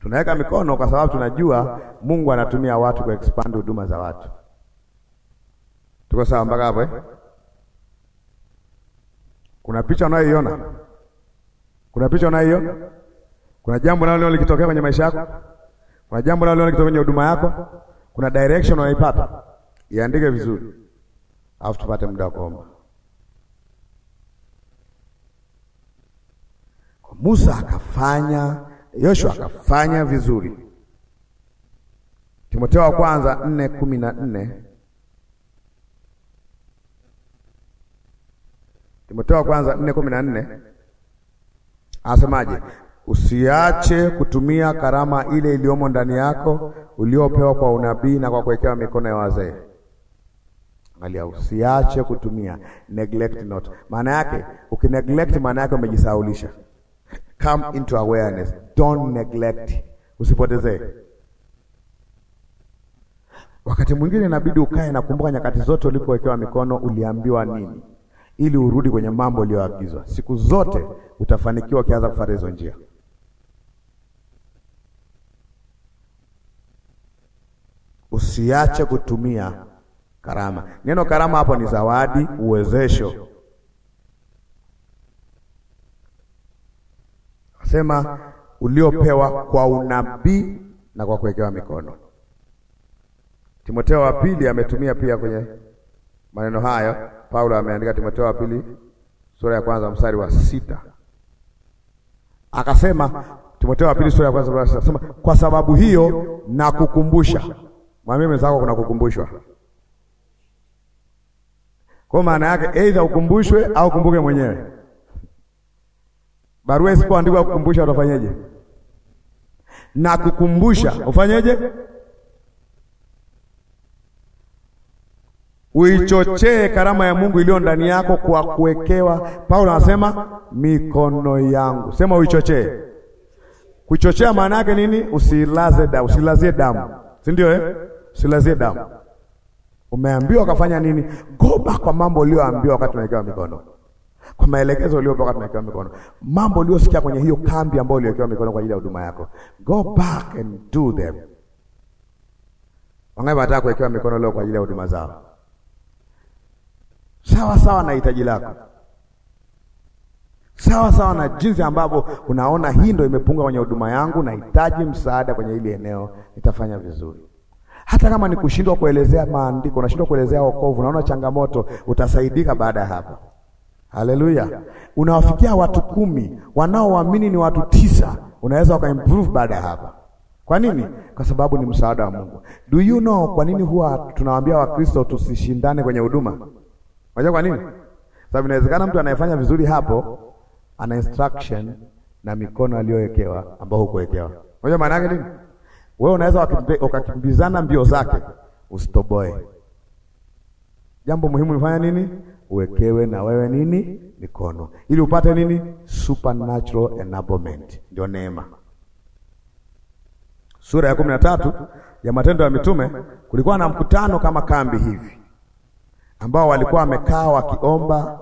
Tunaweka mikono kwa sababu tunajua Mungu anatumia watu kuexpand huduma za watu. Tuko sawa mpaka hapo eh? Kuna picha unayoiona? Kuna picha unayoiona? Kuna jambo unaloona likitokea kwenye maisha yako? Kuna jambo unaloona likitokea kwenye huduma yako? Kuna direction unaipata? Iandike vizuri, alafu tupate muda wa kuomba. Musa akafanya, Yoshua akafanya vizuri. Timotheo wa kwanza nne kumi na nne Timotheo kwanza 4:14 anasemaje? Usiache kutumia karama ile iliyomo ndani yako uliopewa kwa unabii na kwa kuwekewa mikono ya wazee. Angalia, usiache kutumia, neglect not. Maana yake ukineglect, maana yake umejisaulisha. Come into awareness, don't neglect, usipotezee. Wakati mwingine inabidi ukae na kumbuka nyakati zote ulipowekewa mikono uliambiwa nini ili urudi kwenye mambo uliyoagizwa. Siku zote utafanikiwa ukianza kufuata hizo njia. Usiache kutumia karama. Neno karama hapo ni zawadi, uwezesho. Sema uliopewa kwa unabii na kwa kuwekewa mikono. Timotheo wa pili ametumia pia kwenye maneno hayo Paulo ameandika Timotheo wa pili sura ya kwanza mstari wa sita akasema, Timotheo wa pili sura ya kwanza mstari wa sita sema, kwa sababu hiyo nakukumbusha. Mwambie mwenzako kuna kukumbushwa. Kwa maana yake aidha ukumbushwe au kumbuke mwenyewe. Barua isipoandikwa kukumbusha, utafanyeje? Nakukumbusha ufanyeje? uichochee karama ya Mungu iliyo ndani yako kwa kuwekewa. Paulo anasema mikono yangu, sema uichochee. Kuchochea maana yake nini? Usilaze da, usilazie damu, si ndio eh? Usilazie damu. Umeambiwa ukafanya nini? Goba kwa mambo uliyoambiwa wakati unawekewa mikono, kwa maelekezo uliyopewa wakati unawekewa mikono, mambo uliyosikia kwenye hiyo kambi ambayo uliwekewa mikono kwa ajili ya huduma yako. Go back and do them. Wangapi wanataka kuwekewa mikono leo kwa ajili ya huduma zao? sawa sawa na hitaji lako, sawa sawa na jinsi ambavyo unaona hii ndio imepunga kwenye huduma yangu, nahitaji msaada kwenye hili eneo, nitafanya vizuri. Hata kama ni kushindwa kuelezea maandiko, unashindwa kuelezea wokovu, unaona changamoto, utasaidika baada ya hapo. Haleluya! unawafikia watu kumi, wanaoamini ni watu tisa, unaweza wakaimprove baada ya hapo. Kwa nini? Kwa sababu ni msaada wa Mungu. Do you know kwa nini huwa tunawaambia Wakristo tusishindane kwenye huduma? Unajua kwa nini? Sababu inawezekana mtu anayefanya vizuri hapo ana instruction na mikono aliyowekewa ambao hukuwekewa. Unajua maana yake nini? Wewe unaweza ukakimbizana mbio zake usitoboe. Jambo muhimu fanya nini? Uwekewe na wewe nini? Mikono, ili upate nini? Supernatural enablement, ndio neema. Sura ya kumi na tatu ya Matendo ya Mitume, kulikuwa na mkutano kama kambi hivi ambao walikuwa wamekaa wakiomba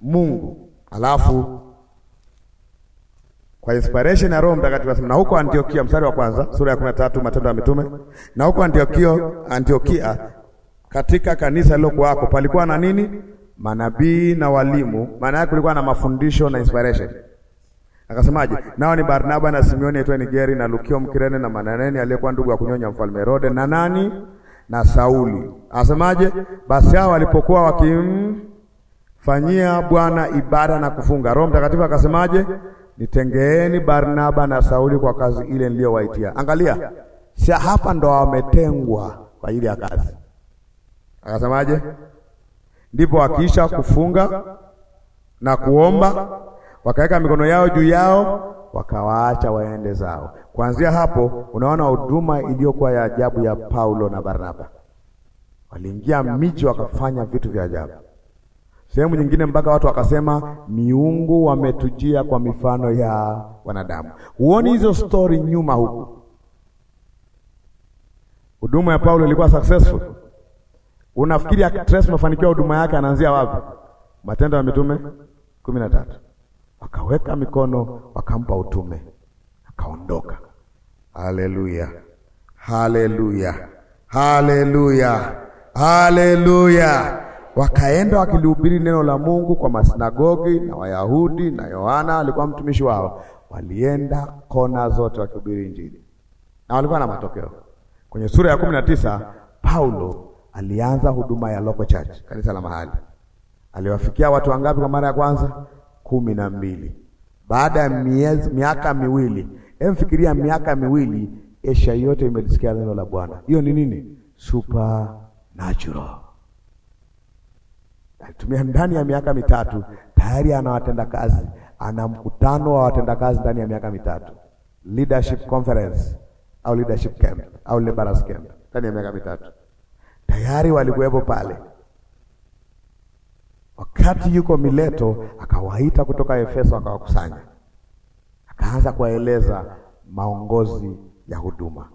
Mungu, alafu kwa inspiration ya Roho Mtakatifu asema, na huko Antiokia, mstari wa kwanza sura ya 13 Matendo ya Mitume, na huko Antiokia, Antiokia katika kanisa lilokuwako palikuwa na nini? Manabii na walimu. Maana yake kulikuwa na mafundisho na inspiration. Akasemaje? Nao ni Barnaba na Simeoni aitwaye Geri na Lukio Mkirene na Mananeni aliyekuwa ndugu wa kunyonya mfalme Herode na nani na Sauli. Asemaje? Basi hao walipokuwa wakimfanyia Bwana ibada na kufunga, Roho Mtakatifu akasemaje? Nitengeeni Barnaba na Sauli kwa kazi ile niliyowaitia. Angalia, si hapa ndo wametengwa kwa ajili ya kazi. Akasemaje? Ndipo wakiisha kufunga na kuomba, wakaweka mikono yao juu yao, wakawaacha waende zao. Kuanzia hapo, unaona huduma iliyokuwa ya ajabu ya Paulo na Barnaba. Waliingia miji wakafanya vitu vya ajabu. Sehemu nyingine mpaka watu wakasema miungu wametujia kwa mifano ya wanadamu. Huoni hizo stori nyuma huku? Huduma ya Paulo ilikuwa successful. Unafikiri akitrace mafanikio ya huduma yake anaanzia wapi? Matendo ya Mitume kumi na tatu. Wakaweka mikono wakampa utume akaondoka. Haleluya, haleluya, haleluya! Haleluya! Wakaenda wakilihubiri neno la Mungu kwa masinagogi na Wayahudi, na Yohana alikuwa mtumishi wao. Walienda kona zote wakihubiri Injili na walikuwa na matokeo. Kwenye sura ya kumi na tisa Paulo alianza huduma ya local church, kanisa la mahali. Aliwafikia watu wangapi kwa mara ya kwanza? kumi na mbili. Baada ya miaka miwili, emfikiria miaka miwili, Asia yote imelisikia neno la Bwana. Hiyo ni nini? super natural. Alitumia ndani ya miaka mitatu, tayari ana watendakazi, ana mkutano wa watendakazi ndani ya miaka mitatu, leadership conference au leadership camp au laborers camp, ndani ya miaka mitatu tayari walikuwepo pale. Wakati yuko Mileto, akawaita kutoka Efeso, akawakusanya, akaanza kuwaeleza maongozi ya huduma.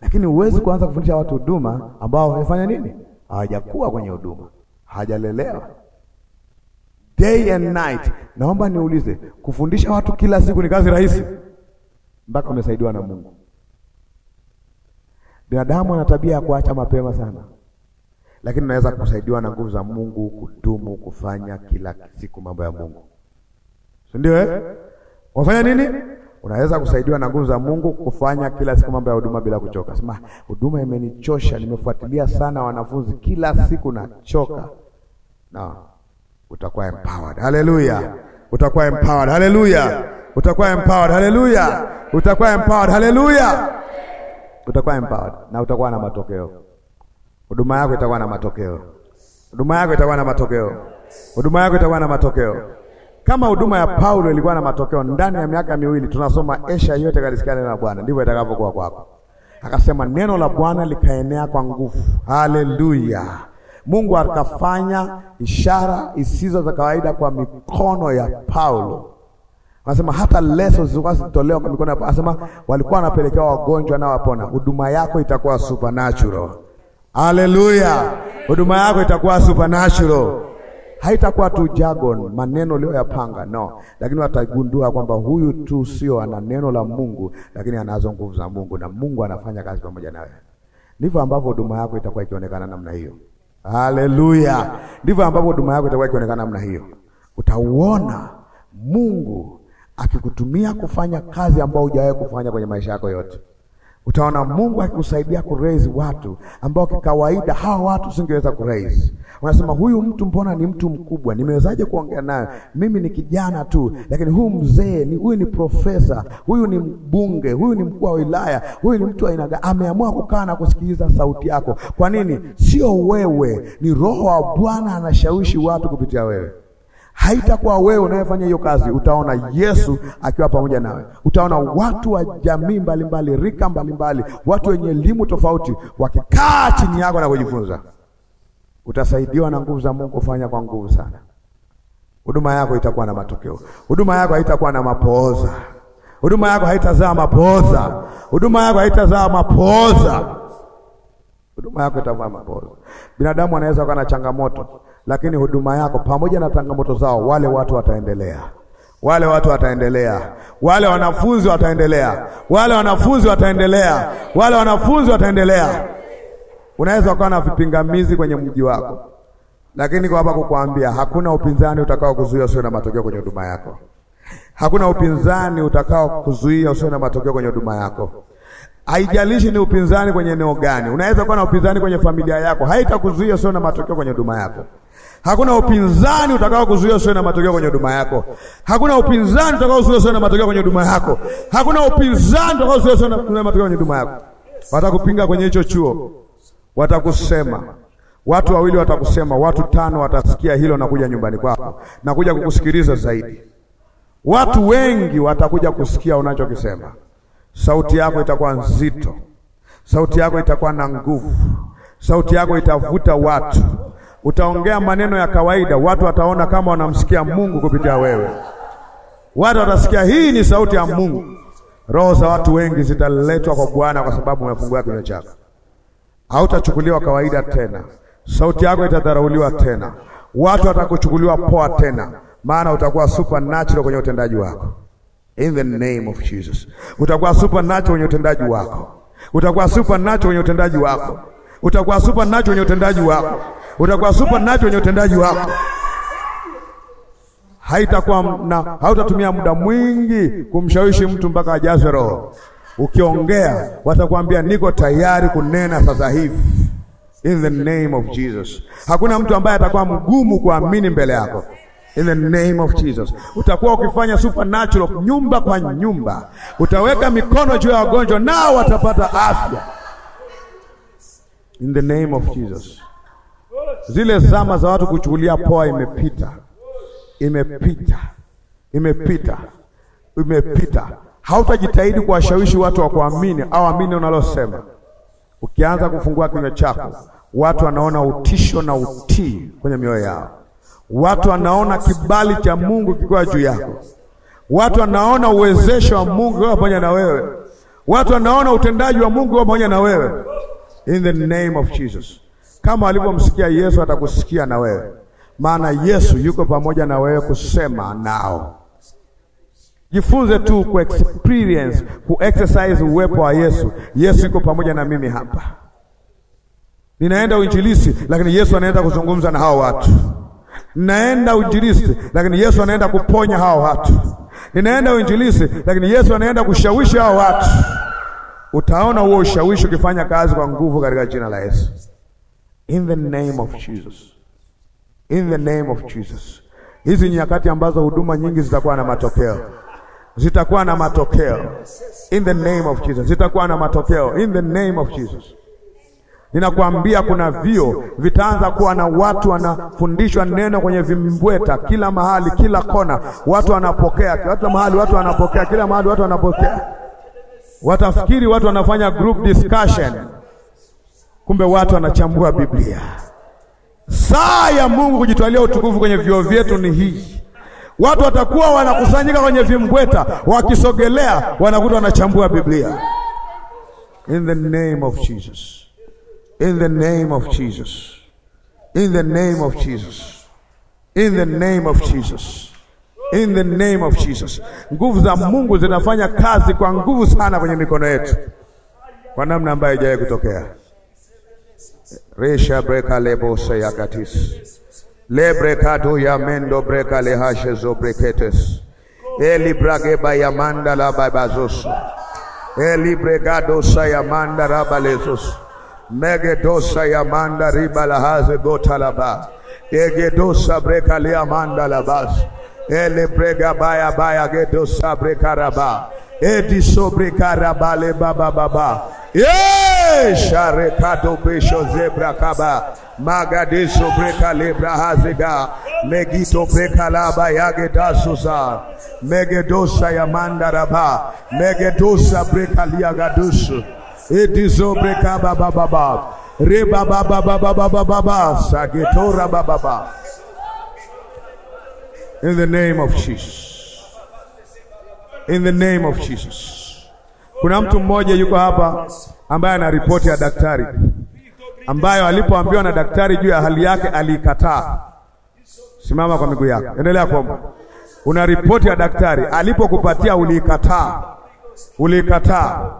Lakini huwezi kuanza kufundisha watu huduma ambao wamefanya nini? Hawajakuwa kwenye huduma, hawajalelewa day and night. Naomba niulize, kufundisha watu kila siku ni kazi rahisi mpaka umesaidiwa na Mungu? Binadamu ana tabia ya kuacha mapema sana, lakini unaweza kusaidiwa na nguvu za Mungu kudumu kufanya kila siku mambo ya Mungu, si ndio? Eh, wafanya nini? Unaweza kusaidiwa na nguvu za Mungu kufanya kila siku mambo ya huduma bila kuchoka. Sema huduma imenichosha, nimefuatilia sana wanafunzi, kila siku nachoka. Na utakuwa empowered. Haleluya. Utakuwa empowered. Haleluya. Utakuwa empowered. Haleluya. Utakuwa empowered. Haleluya. Utakuwa empowered na utakuwa na matokeo. Huduma yako itakuwa na matokeo. Huduma yako itakuwa na matokeo. Huduma yako itakuwa na matokeo. Kama huduma ya Paulo ilikuwa na matokeo ndani ya miaka miwili, tunasoma Asia yote katika neno la Bwana, ndivyo itakavyokuwa kwako. Akasema neno la Bwana likaenea kwa nguvu. Haleluya! Mungu akafanya ishara isizo za kawaida kwa mikono ya Paulo. Anasema hata leso zilikuwa zitolewa kwa mikono. Anasema walikuwa wanapelekewa wagonjwa na wapona. Huduma yako itakuwa supernatural. Haleluya! Huduma yako itakuwa supernatural haitakuwa tu jargon, maneno uliyoyapanga no, lakini watagundua kwamba huyu tu sio ana neno la Mungu, lakini anazo nguvu za Mungu na Mungu anafanya kazi pamoja nawe. Ndivyo ambavyo huduma yako itakuwa ikionekana namna hiyo. Haleluya! Ndivyo ambavyo huduma yako itakuwa ikionekana namna hiyo. Utauona Mungu akikutumia kufanya kazi ambayo hujawahi kufanya kwenye maisha yako yote. Utaona Mungu akikusaidia kuraise watu ambao kikawaida hawa watu singeweza kuraise wanasema huyu mtu mbona ni mtu mkubwa, nimewezaje kuongea naye? Mimi ni kijana tu, lakini huyu mzee ni huyu, ni profesa huyu, ni mbunge huyu, ni mkuu wa wilaya huyu, ni mtu aina ameamua kukaa na kusikiliza sauti yako. Kwa nini? Sio wewe, ni Roho wa Bwana anashawishi watu kupitia wewe. Haitakuwa wewe unayefanya hiyo kazi. Utaona Yesu akiwa pamoja nawe, utaona watu wa jamii mbalimbali, rika mbalimbali, watu wenye elimu tofauti wakikaa chini yako na kujifunza utasaidiwa na nguvu za Mungu. kufanya kwa nguvu sana. Huduma yako itakuwa na matokeo. Huduma yako haitakuwa na mapooza. Huduma yako haitazaa mapooza. Huduma yako haitazaa mapooza. Huduma yako itavaa mapooza. Binadamu anaweza kuwa na changamoto, lakini huduma yako pamoja na changamoto zao, wale watu wataendelea wale watu wataendelea, wale wanafunzi wataendelea, wale wanafunzi wataendelea, wale wanafunzi wataendelea. Unaweza ukawa na vipingamizi kwenye mji wako, lakini kwa hapa kukuambia, hakuna upinzani utakao kuzuia usio na matokeo kwenye huduma yako. Hakuna upinzani utakao kuzuia usio na matokeo kwenye huduma yako. Haijalishi ni upinzani kwenye eneo gani. Unaweza kuwa na upinzani kwenye familia yako, haitakuzuia usio na matokeo kwenye huduma yako. Hakuna upinzani utakao kuzuia usio na matokeo kwenye huduma yako. Hakuna upinzani utakao kuzuia usio na matokeo kwenye huduma yako. Hakuna upinzani utakao kuzuia usio na matokeo kwenye huduma yako. Watakupinga kwenye hicho chuo watakusema watu wawili watakusema, watu tano watasikia hilo na kuja nyumbani kwako na kuja kukusikiliza zaidi. Watu wengi watakuja kusikia unachokisema. Sauti yako itakuwa nzito, sauti yako itakuwa na nguvu, sauti yako itavuta watu. Utaongea maneno ya kawaida, watu wataona kama wanamsikia Mungu kupitia wewe. Watu watasikia hii ni sauti ya Mungu. Roho za watu wengi zitaletwa kwa Bwana, kwa sababu umefungua kinywa chako hautachukuliwa kawaida tena, sauti yako itadharauliwa tena, watu watakuchukuliwa poa tena, maana utakuwa supernatural kwenye utendaji wako. In the name of Jesus, utakuwa supernatural kwenye utendaji wako, utakuwa supernatural kwenye utendaji wako, utakuwa supernatural kwenye utendaji wako, utakuwa supernatural kwenye utendaji wako. Haitakuwa na hautatumia muda mwingi kumshawishi mtu mpaka ajazwe roho. Ukiongea watakwambia niko tayari kunena sasa hivi, in the name of Jesus. Hakuna mtu ambaye atakuwa mgumu kuamini mbele yako, in the name of Jesus. Utakuwa ukifanya supernatural nyumba kwa nyumba, utaweka mikono juu ya wagonjwa nao watapata afya, in the name of Jesus. Zile zama za watu kuchukulia poa imepita, imepita, imepita, imepita, imepita hautajitahidi kuwashawishi watu wa kuamini au amini unalosema. Ukianza kufungua kinywa chako, watu wanaona utisho na utii kwenye mioyo yao. Watu wanaona kibali cha Mungu kikiwa juu yako. Watu wanaona uwezesho wa Mungu kwa pamoja na wewe. Watu wanaona utendaji wa Mungu kwa pamoja na wewe. In the name of Jesus, kama alivyomsikia Yesu, atakusikia na wewe, maana Yesu yuko pamoja na wewe kusema nao. Jifunze tu ku experience ku exercise uwepo wa Yesu. Yesu yuko pamoja na mimi hapa. Ninaenda uinjilisti, lakini Yesu anaenda kuzungumza na hao watu. Ninaenda uinjilisti, lakini Yesu anaenda kuponya hao watu. Ninaenda uinjilisti, lakini Yesu anaenda kushawishi hao watu. Utaona huo ushawishi ukifanya kazi kwa nguvu katika jina la Yesu. In the name of Jesus. In the name of Jesus. Hizi nyakati ambazo huduma nyingi zitakuwa na matokeo zitakuwa na matokeo in the name of Jesus, zitakuwa na matokeo in the name of Jesus. Ninakwambia kuna vio vitaanza kuwa na watu wanafundishwa neno kwenye vimbweta, kila mahali, kila kona, watu wanapokea, kila mahali watu wanapokea, kila mahali watu wanapokea. Watafikiri watu wanafanya group discussion, kumbe watu wanachambua Biblia. Saa ya Mungu kujitwalia utukufu kwenye vio vyetu ni hii. Watu watakuwa wanakusanyika kwenye vimbweta, wakisogelea wanakuta wanachambua Biblia. In the name of Jesus, in the name of Jesus, in the name of Jesus, in the name of Jesus, in the name of Jesus. Nguvu za Mungu zinafanya kazi kwa nguvu sana kwenye mikono yetu kwa namna ambayo haijawahi kutokea. resha breka lebosa yakatis lebrekado ya mendo breka zo breketes elibrageba ya manda lababazoso elibregadosa ya manda mege megedosa ya manda ba ege egedosa breka leamanda labas elebrega baya baya gedosa brekaraba edisobrekarabale babababa esharekado besho zebrakaba magadeso breka lebra hazega megito breka laba yage dasuza megedosa ya mandaraba megedosa breka liagadusu edizo breka baba baba reba baba baba baba baba sagetora baba baba in the name of Jesus in the name of Jesus kuna mtu mmoja yuko hapa ambaye ana ripoti ya daktari ambayo alipoambiwa na daktari juu ya hali yake aliikataa. Simama kwa miguu yako, endelea kuomba. Una ripoti ya daktari, alipokupatia uliikataa, uliikataa.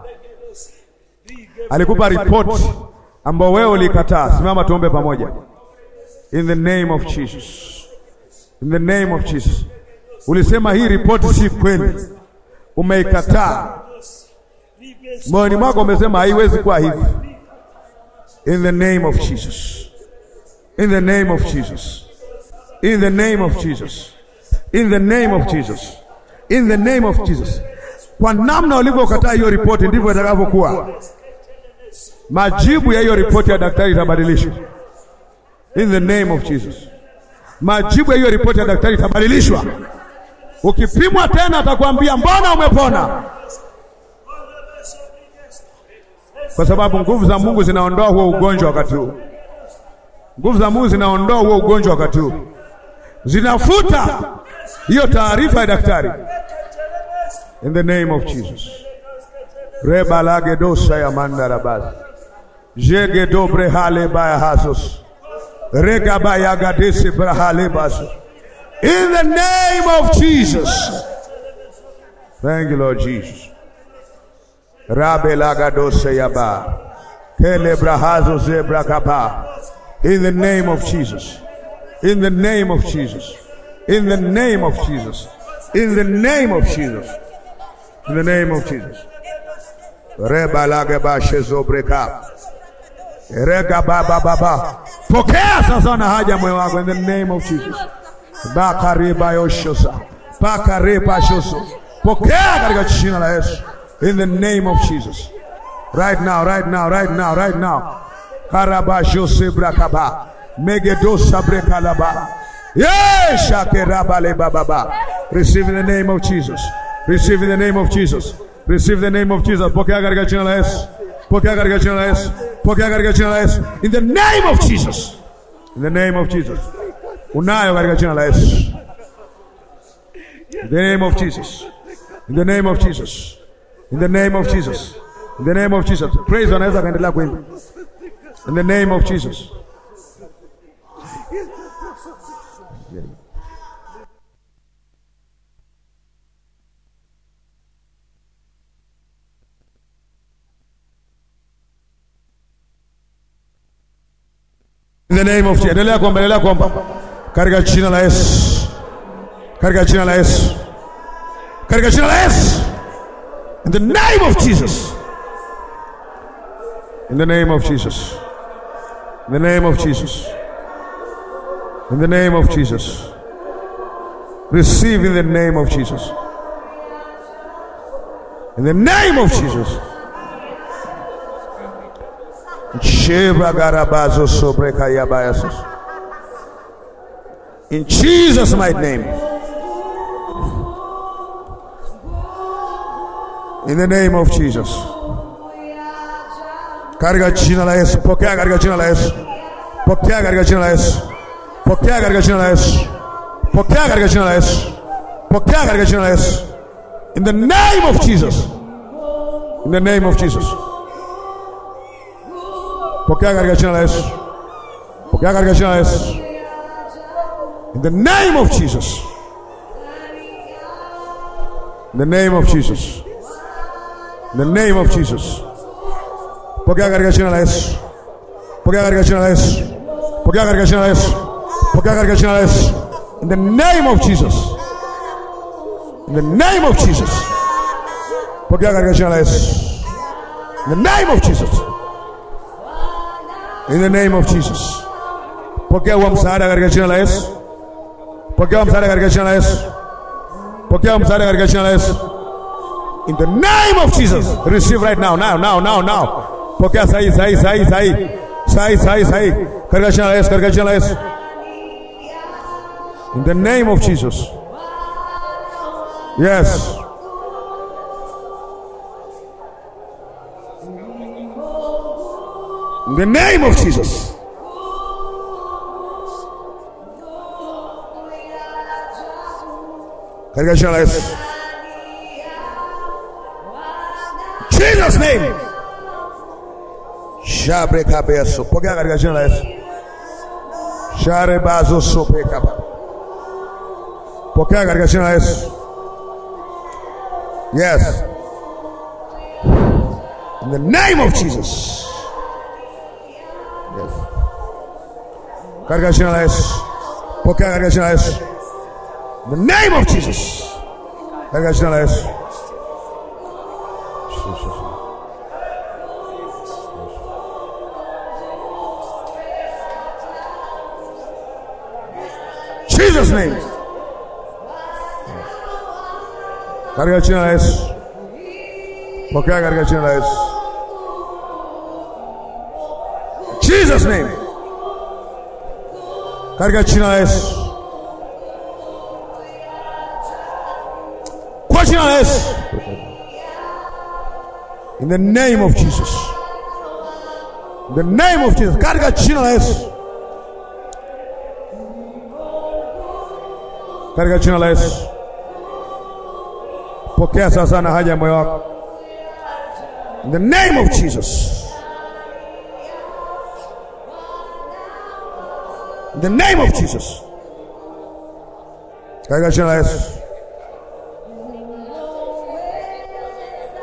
Alikupa ripoti ambayo wewe uliikataa. Simama tuombe pamoja. In the name of Jesus, in the name of Jesus. Ulisema hii ripoti si kweli, umeikataa moyoni mwako, umesema haiwezi kuwa hivi In the name of Jesus. In the name of Jesus. In the name of Jesus. In the name of Jesus. In the name of Jesus. Kwa namna ulivyokataa hiyo ripoti ndivyo itakavyokuwa. Majibu ya hiyo ripoti ya daktari itabadilishwa. In the name of Jesus. Majibu ya hiyo ripoti ya daktari itabadilishwa. Ukipimwa tena atakwambia mbona umepona? kwa sababu nguvu za Mungu zinaondoa huo ugonjwa wakati huu. Nguvu za Mungu zinaondoa huo ugonjwa wakati huu, zinafuta hiyo taarifa ya daktari. In the name of Jesus reba lage dosa ya mandarabas jegedobrehalebayahasos regabayagadesebrahalebaso In the name of Jesus. Thank you, Lord Jesus rabe lagadose yaba kelebrahazo zebrakaba in the name of Jesus in the name of Jesus in the name of Jesus in the name of Jesus in the name of Jesus reba lagebashe zobreka rega baba baba pokea sasa na haja moyo wako in the name of Jesus bakareba yoshosa bakareba shoso pokea katika jina la Yesu in the name of Jesus. Right now, right now, right now, right now. Karaba Jose Brakaba, Josebrakaba. Megedosa Brekalaba. Yes, Shakerabale Bababa. Receive in the name of Jesus. Receive in the name of Jesus. Receive the name of Jesus. Pokea carga chino la es. Pokea carga chino la In the name of Jesus. In the name of Jesus. Unayo carga chino In the name of Jesus. In the name of Jesus. In the name of Jesus. In the name of Jesus. Praise on Ezra kaendelea kuimba. In the name of Jesus. In the name of Jesus. Endelea kuomba, endelea kuomba. Katika jina la Yesu. Katika jina la Yesu. Katika jina la Yesu. In the name of Jesus. In the name of Jesus. In the name of Jesus. In the name of Jesus. Receive in the name of Jesus. In the name of Jesus. In Jesus' mighty name. In the name of Jesus. Carga jina la Yesu, pokea katika jina la Yesu. Pokea katika jina la Yesu. Pokea katika jina la Yesu. Pokea katika jina la Yesu. Pokea katika jina la Yesu. In the name of Jesus. In the name of Jesus. Pokea katika jina la Yesu. Pokea katika jina la Yesu. In the name of Jesus. In the name of Jesus. In the name of Jesus. Pokea katika jina la Yesu. Pokea katika jina la Yesu. Pokea katika jina la Yesu. Pokea katika jina la Yesu. In the name of Jesus. In the name of Jesus. Pokea katika jina la Yesu. In the name of Jesus. In the name of Jesus. Pokea huo msaada katika jina la Yesu. Pokea msaada katika jina la Yesu. Pokea msaada katika jina la Yesu. In the name of Jesus. Receive right now, now, now, now, now. Porque sai, é sai sai sai sai sai sai Carga a isso, carga de isso. In the name of Jesus. Yes. In the name of Jesus. Carga de isso. Jesus' name. Shabre cabeça. Por que a garganta é essa? Share bazo sobre capa. Por que a garganta é essa? Yes. In the name of Jesus. Yes. Garganta é essa? Por que a garganta é essa? In the name of Jesus. Garganta é essa? Jesus name. Gargatinha é isso. Por que a é isso? Jesus name. Gargatinha é isso. Qual é isso? In the name of Jesus. In the name of Jesus. Katika jina la Yesu. Katika jina la na haja In the name of Jesus. In the name of Jesus. Katika jina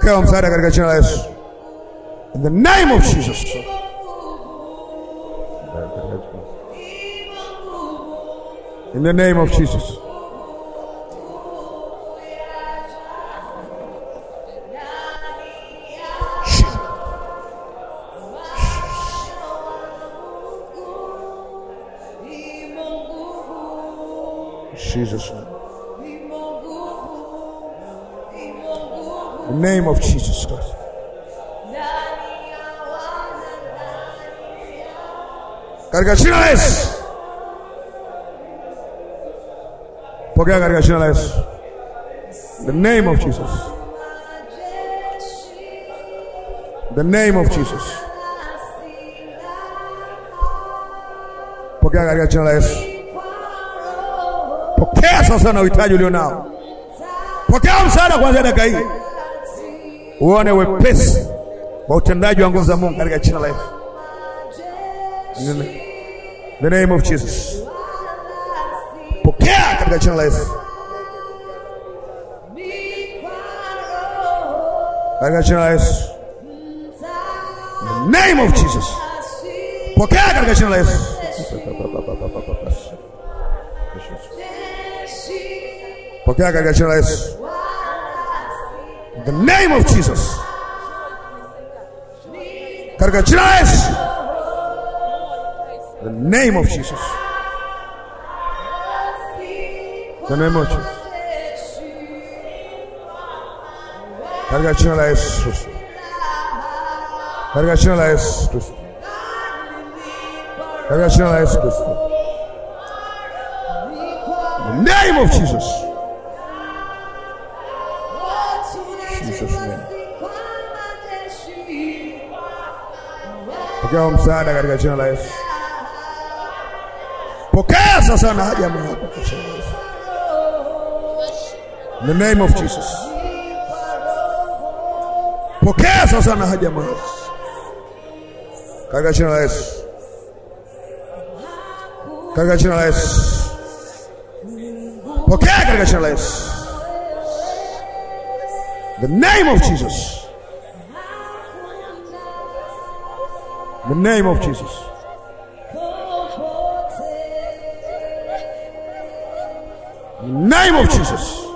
Matokeo msaada katika jina la Yesu. In the name of Jesus. In the name of Jesus. katika jina la Yesu. Pokea katika jina la Yesu. The name of Jesus. The name of Jesus. Pokea katika jina la Yesu. Pokea sasa na uhitaji ulio nao. Pokea msaada kuanzia dakika hii. Uone wepesi wa utendaji wa nguvu za Mungu katika jina la Yesu the name of Jesus. Pokea katika jina la Yesu, katika jina la Yesu, the name of Jesus. Pokea katika jina la Yesu. Pokea katika jina la Yesu. The name of Jesus. Katika jina la Yesu the name of Jesus. The name of Jesus. Katika jina la Yesu Kristo. Katika jina la Yesu Kristo. Katika jina la Yesu Kristo. The name of Jesus. Jesus name. Pokea msaada katika jina la Yesu. Pesa sana haja mwako. In the name of Jesus. Pokea sasa na haja mwako. Katika jina la Yesu. Katika jina la Yesu. Pokea katika jina la Yesu. The name of Jesus. The name of Jesus. name of Jesus.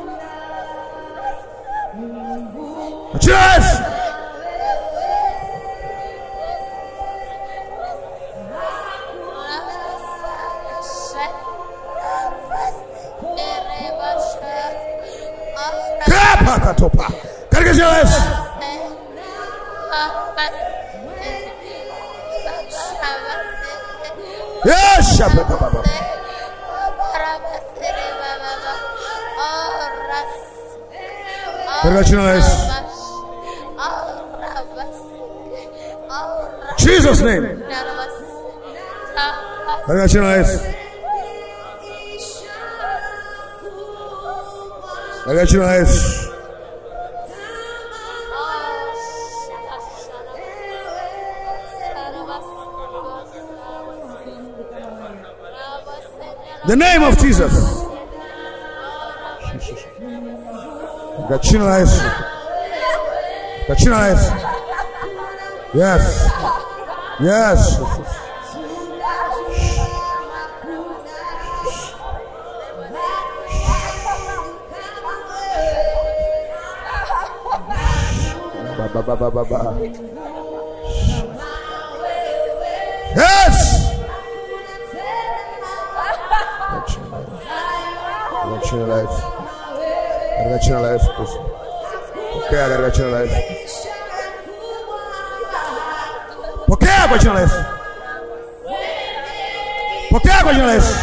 The name of Jesus. Gachina eyes. Gachina eyes. Yes. Yes. babababá. Yes! Regatina leve. Regatina leve, por favor. Porque é a regatina leve. Porque é a regatina leve. Porque a leve.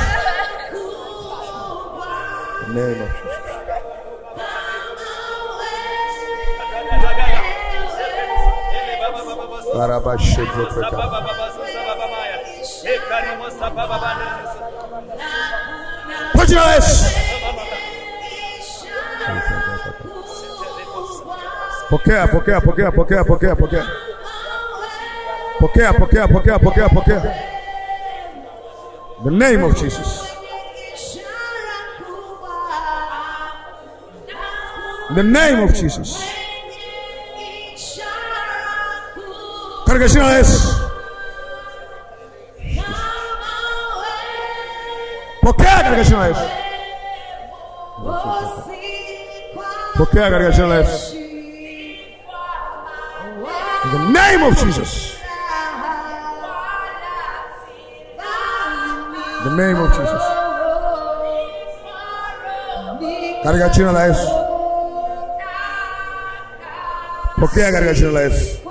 Amém, irmão. Put your hands. Pokea, pokea, pokea, pokea, pokea, pokea. Pokea, pokea, pokea, pokea, pokea. The name of Jesus. the name of Jesus. Congregação é esse. Por que a congregação é esse? Por que a congregação é esse? In the name of Jesus. In the name of Jesus. Gargatina é isso. Por que a gargatina é isso?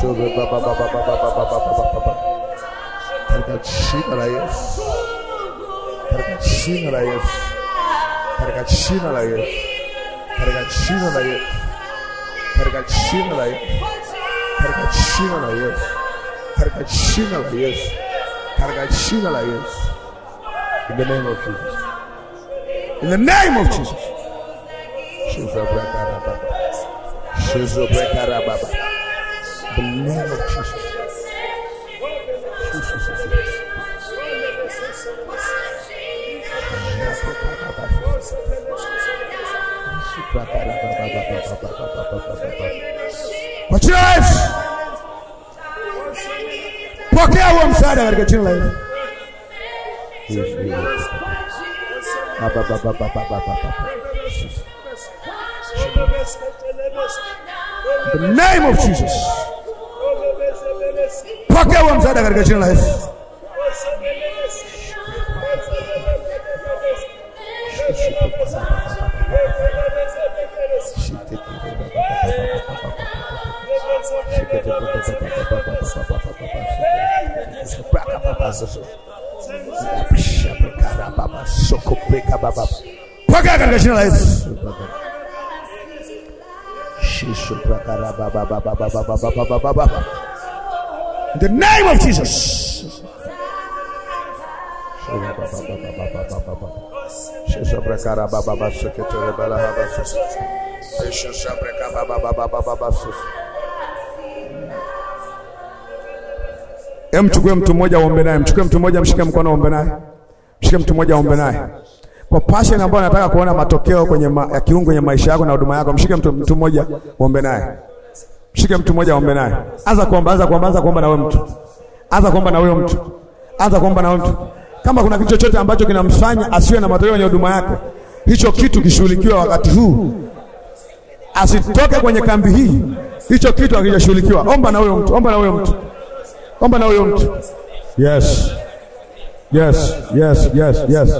Pergatina yes. Pergatina yes. Pergatina yes. Pergatina yes. Pergatina yes. Pergatina yes. Pergatina yes. Pergatina yes. In the name of Jesus. In the name of Jesus. She's a breaker. She's a breaker name of Jesus. Watch your eyes. Pokea huo msaada katika jina la Yesu. In the name of Jesus. Qualquer sai da gargantinha lá. Qualquer In the name of Jesus. Mchukue mtu mmoja aombe naye, mchukue mtu mmoja mshike mkono aombe naye, mshike mtu mmoja aombe naye kwa passion ambayo anataka kuona matokeo kwenye ma, ya kiungu kwenye maisha yako na huduma yako, mshike mtu mmoja uombe naye shike mtu mmoja ombe naye. Anza kuomba, anza kuomba, anza kuomba na wewe mtu. Anza kuomba na wewe mtu. Anza kuomba na wewe mtu. Kama kuna kitu chochote ambacho kinamfanya asiwe na matokeo kwenye huduma yako, hicho kitu kishughulikiwa wakati huu. Asitoke kwenye kambi hii, hicho kitu hakijashughulikiwa. Omba na wewe mtu, omba na huyo mtu, omba na wewe mtu. Yes, yes, yes, yes, yes,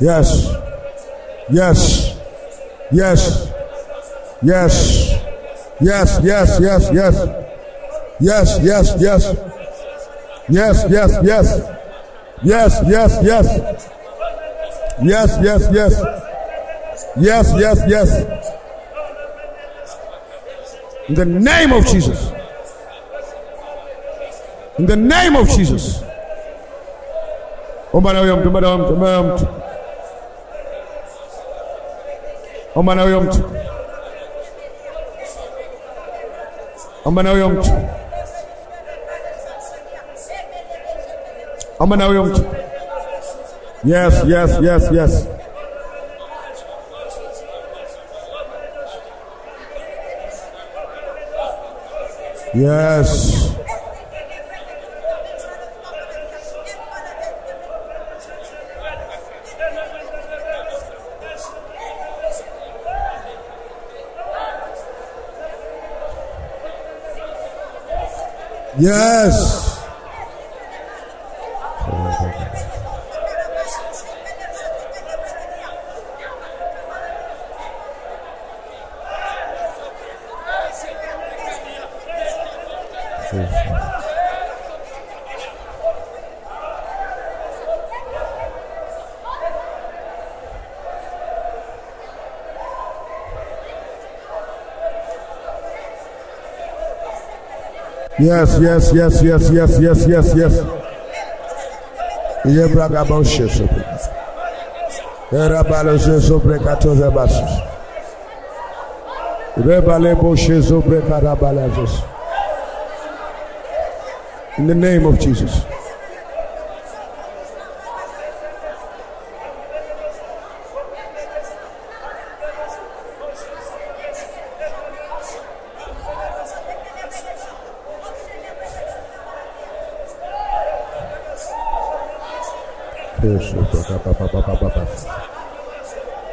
yes, yes, yes, yes. Yes, yes, yes, yes. Yes, yes, yes. Yes, yes, yes. Yes, yes, yes. Yes, yes, yes. Yes, yes, yes. In the name of Jesus. In the name of Jesus. Omanayomt, omanayomt, omanayomt. Omanayomt. Omanaoyong. Omanaoyong. Yes, yes, yes, yes. Yes. Yes. Yes, yes, yes, yes, yes, yes, yes, yes. Ye braga bom sheso. Era balo sheso brekato zabasu. Ibe bale bo sheso brekara bala Jesus. In the name of Jesus.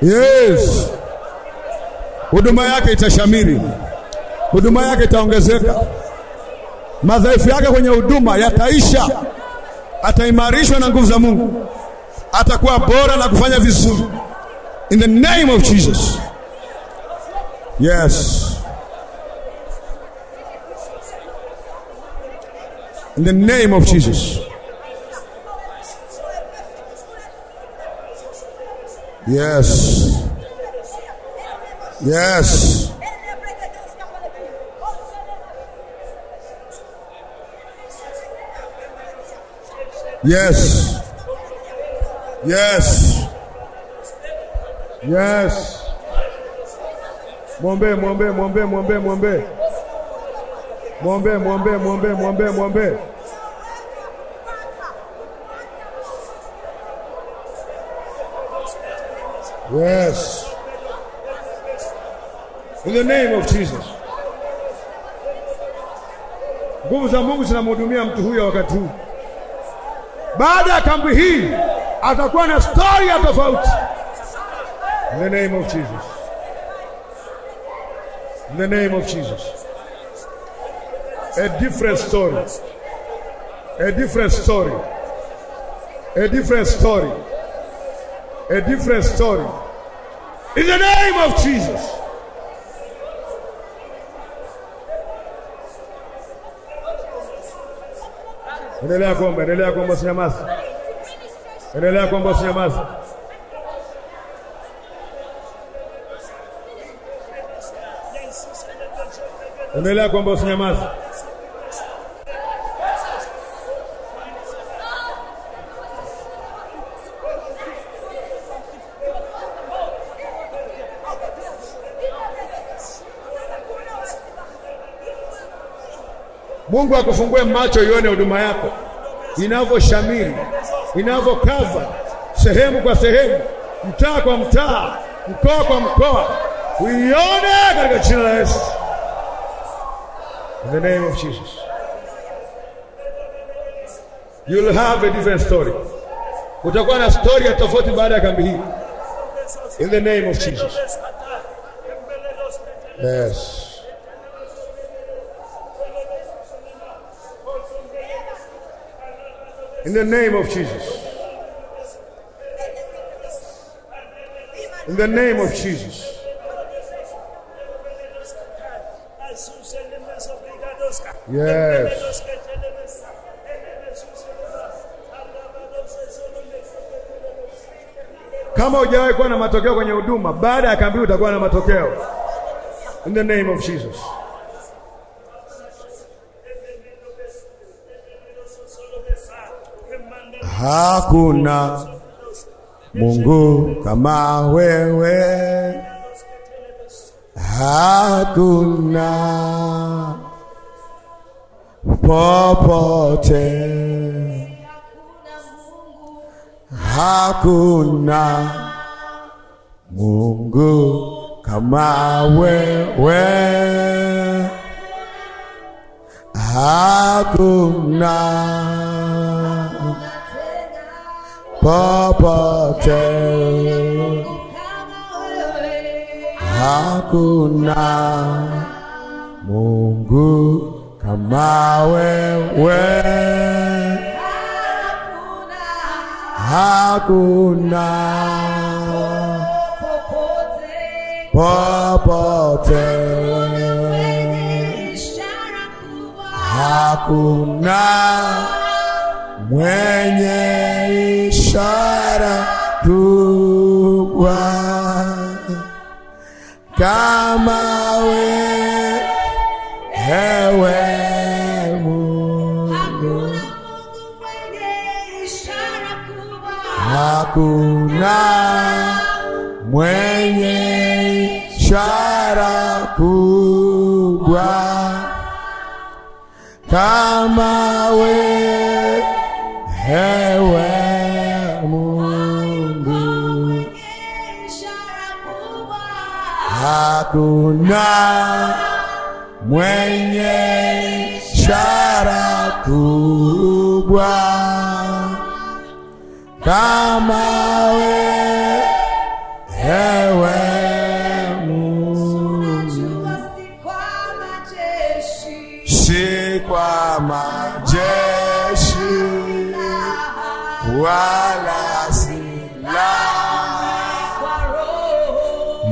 Yes, huduma yake itashamiri, huduma yake itaongezeka, madhaifu yake kwenye huduma yataisha. Ataimarishwa na nguvu za Mungu, atakuwa bora na kufanya vizuri. In the name of Jesus. Yes. In the name of Jesus. Yes. Yes. Yes. Yes. Yes. Mwombe, mwombe, mwombe, mwombe, mwombe. Mwombe, mwombe, mwombe, mwombe, mwombe. Yes. In the name of Jesus. Nguvu za Mungu zinamhudumia mtu huyo wakati huu. Baada ya kambi hii atakuwa na stori ya tofauti. In the name of Jesus. In the name of Jesus. A different story. A different story. A different story. A different story. In the name of Jesus. Endelea kuomba, endelea kuomba usinyamaze. Endelea kuomba usinyamaze. Endelea kuomba usinyamaze. Mungu akufungue macho ione huduma yako inavyoshamiri, inavyokava sehemu kwa sehemu, mtaa kwa mtaa, mkoa kwa mkoa, uione katika jina la Yesu. In the name of Jesus. You'll have a different story. Utakuwa na story ya tofauti baada ya kambi hii. In the name of Jesus. Yes. In the name of Jesus. In the name of Jesus. Yes. Kama hujawahi kuwa na matokeo kwenye huduma, baada ya kambi utakuwa na matokeo. In the name of Jesus. hakuna Mungu kama wewe, hakuna popote, hakuna Mungu kama wewe, hakuna popote, hakuna Mungu kama wewe, hakuna popote, hakuna mwenye ishara kubwa kama wewe Mungu, hakuna mwenye ishara kubwa kama wewe Ewe Mungu, hakuna mwenye ishara kubwa kama wewe, ewe Mungu, si kwa wala silaha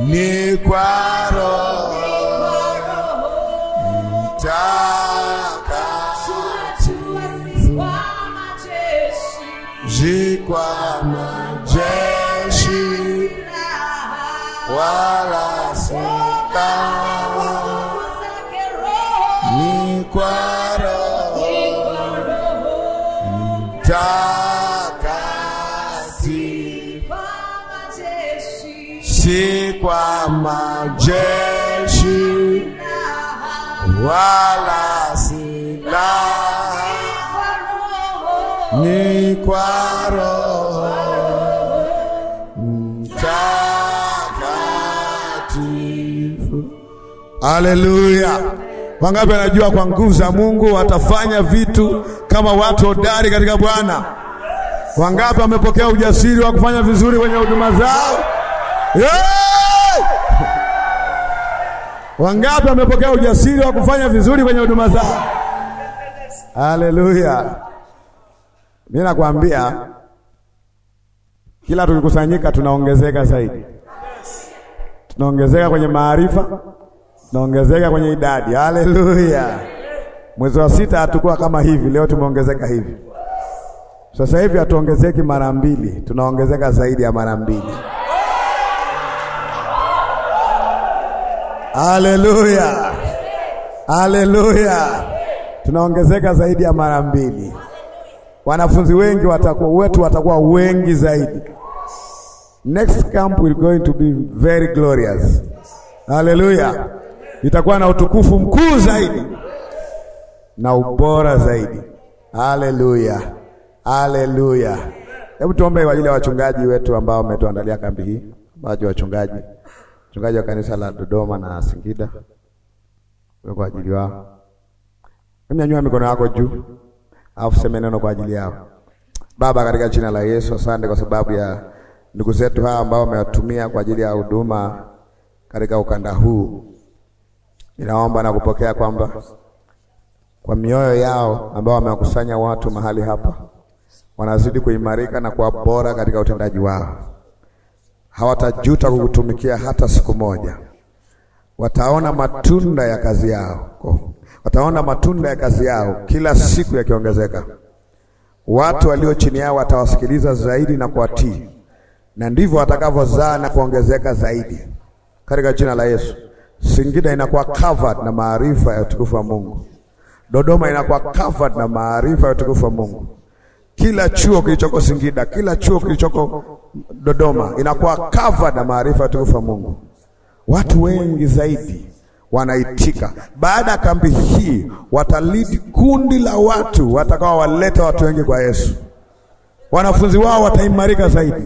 ni kwa si kwa majeshi wala silaha, ni kwa Roho Mtakatifu. Aleluya! Wangapi anajua kwa nguvu za Mungu watafanya vitu kama watu hodari katika Bwana? Wangapi wamepokea ujasiri wa kufanya vizuri kwenye huduma zao? Wangapi wamepokea ujasiri wa kufanya vizuri kwenye huduma zao? Haleluya! Mimi nakwambia kila tukikusanyika tunaongezeka zaidi, tunaongezeka kwenye maarifa, tunaongezeka kwenye idadi. Haleluya! Mwezi wa sita hatukuwa kama hivi, leo tumeongezeka hivi. Sasa hivi hatuongezeki mara mbili, tunaongezeka zaidi ya mara mbili. Haleluya, haleluya! Tunaongezeka zaidi ya mara mbili. Wanafunzi wengi watakuwa wetu, watakuwa wengi zaidi. Next camp will going to be very glorious. Haleluya, itakuwa na utukufu mkuu zaidi na ubora zaidi. Haleluya, haleluya! Hebu tuombe kwa ajili ya wachungaji wetu ambao wametuandalia kambi hii, baadhi wachungaji mchungaji wa kanisa la Dodoma na Singida kwa ajili wao. Mnyanyua mikono yako juu, alafu sema neno kwa ajili yao. Baba, katika jina la Yesu, asante kwa sababu ya ndugu zetu hawa ambao wamewatumia kwa ajili ya huduma katika ukanda huu. Ninaomba na kupokea kwamba kwa mioyo yao ambao wamewakusanya watu mahali hapa, wanazidi kuimarika na kuwa bora katika utendaji wao hawatajuta kukutumikia hata siku moja. Wataona matunda ya kazi yao, wataona matunda ya kazi yao kila siku yakiongezeka. Watu walio chini yao watawasikiliza zaidi na kuwatii, na ndivyo watakavyozaa na kuongezeka zaidi, katika jina la Yesu. Singida inakuwa covered na maarifa ya utukufu wa Mungu. Dodoma inakuwa covered na maarifa ya utukufu wa Mungu. Kila chuo kilichoko Singida, kila chuo kilichoko Dodoma inakuwa covered na maarifa ya tukufu Mungu. Watu wengi zaidi wanaitika baada ya kambi hii, watalidi kundi la watu watakao waleta watu wengi kwa Yesu. Wanafunzi wao wataimarika zaidi,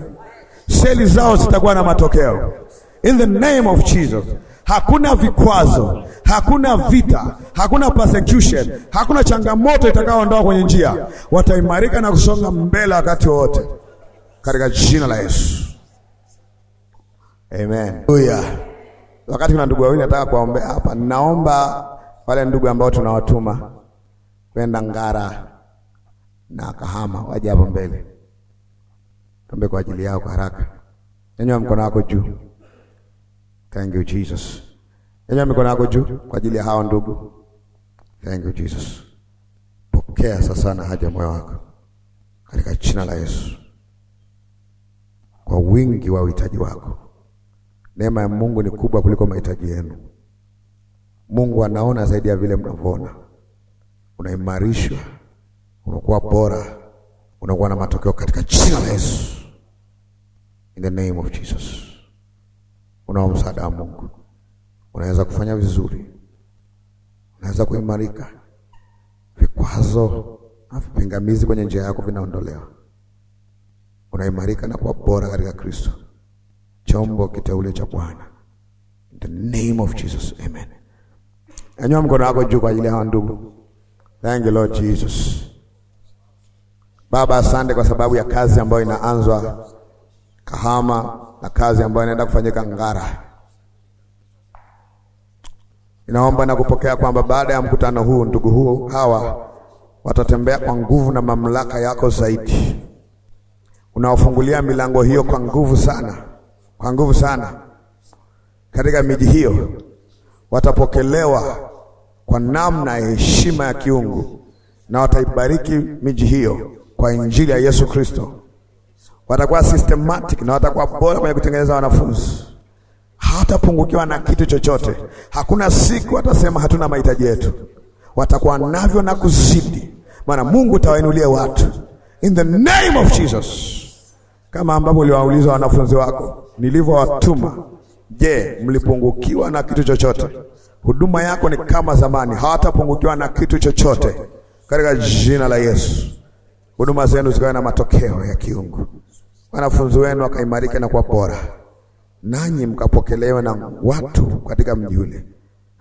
seli zao zitakuwa na matokeo in the name of Jesus. Hakuna vikwazo, hakuna vita, hakuna persecution, hakuna changamoto itakayoondoa kwenye njia. Wataimarika na kusonga mbele wakati wowote katika jina la Yesu. Amen. Haleluya. Wakati kuna ndugu wawili nataka kuwaombea hapa, naomba wale ndugu ambao tunawatuma kwenda Ngara na Kahama waje hapo mbele, tuombe kwa ajili yao kwa haraka. Nyanyua mkono wako juu. Thank you Jesus. Nyanyua mikono yako juu kwa ajili ya hao ndugu. Thank you Jesus. Pokea sasa na haja moyo wako katika jina la Yesu kwa wingi wa uhitaji wako. Neema ya Mungu ni kubwa kuliko mahitaji yenu. Mungu anaona zaidi ya vile mnavyoona. Unaimarishwa, unakuwa bora, unakuwa na matokeo katika jina la Yesu. In the name of Jesus. Unao msaada wa Mungu, unaweza kufanya vizuri, unaweza kuimarika. Vikwazo na vipingamizi kwenye njia yako vinaondolewa unaimarika na kuwa bora katika Kristo, chombo kiteule cha Bwana. In the name of Jesus, amen. Anywa mkono wako juu kwa ajili ya ndugu. Thank you Lord Jesus. Baba, asante kwa sababu ya kazi ambayo inaanzwa Kahama na kazi ambayo inaenda kufanyika Ngara. Inaomba na kupokea kwamba baada ya mkutano huu ndugu huu hawa watatembea kwa nguvu na mamlaka yako zaidi unaofungulia milango hiyo kwa nguvu sana, kwa nguvu sana katika miji hiyo, watapokelewa kwa namna ya heshima ya kiungu na wataibariki miji hiyo kwa injili ya Yesu Kristo. Watakuwa systematic na watakuwa bora kwenye kutengeneza wanafunzi, hatapungukiwa na kitu chochote. Hakuna siku watasema hatuna mahitaji yetu, watakuwa navyo na kuzidi, maana Mungu tawainulia watu in the name of Jesus, kama ambavyo uliwauliza wanafunzi wako nilivyowatuma, je, mlipungukiwa na kitu chochote? Huduma yako ni kama zamani, hawatapungukiwa na kitu chochote katika jina la Yesu. Huduma zenu zikawe na matokeo ya kiungu, wanafunzi wenu wakaimarika na kuwa bora, nanyi mkapokelewa na watu katika mji ule.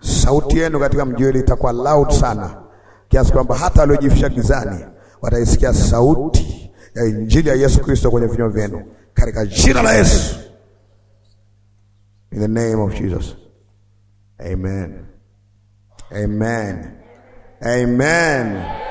Sauti yenu katika mji ule itakuwa loud sana kiasi kwamba hata waliojificha gizani wataisikia sauti ya injili ya Yesu Kristo kwenye vinywa vyenu katika jina la Yesu. In the name of Jesus. Amen. Amen. Amen. Amen.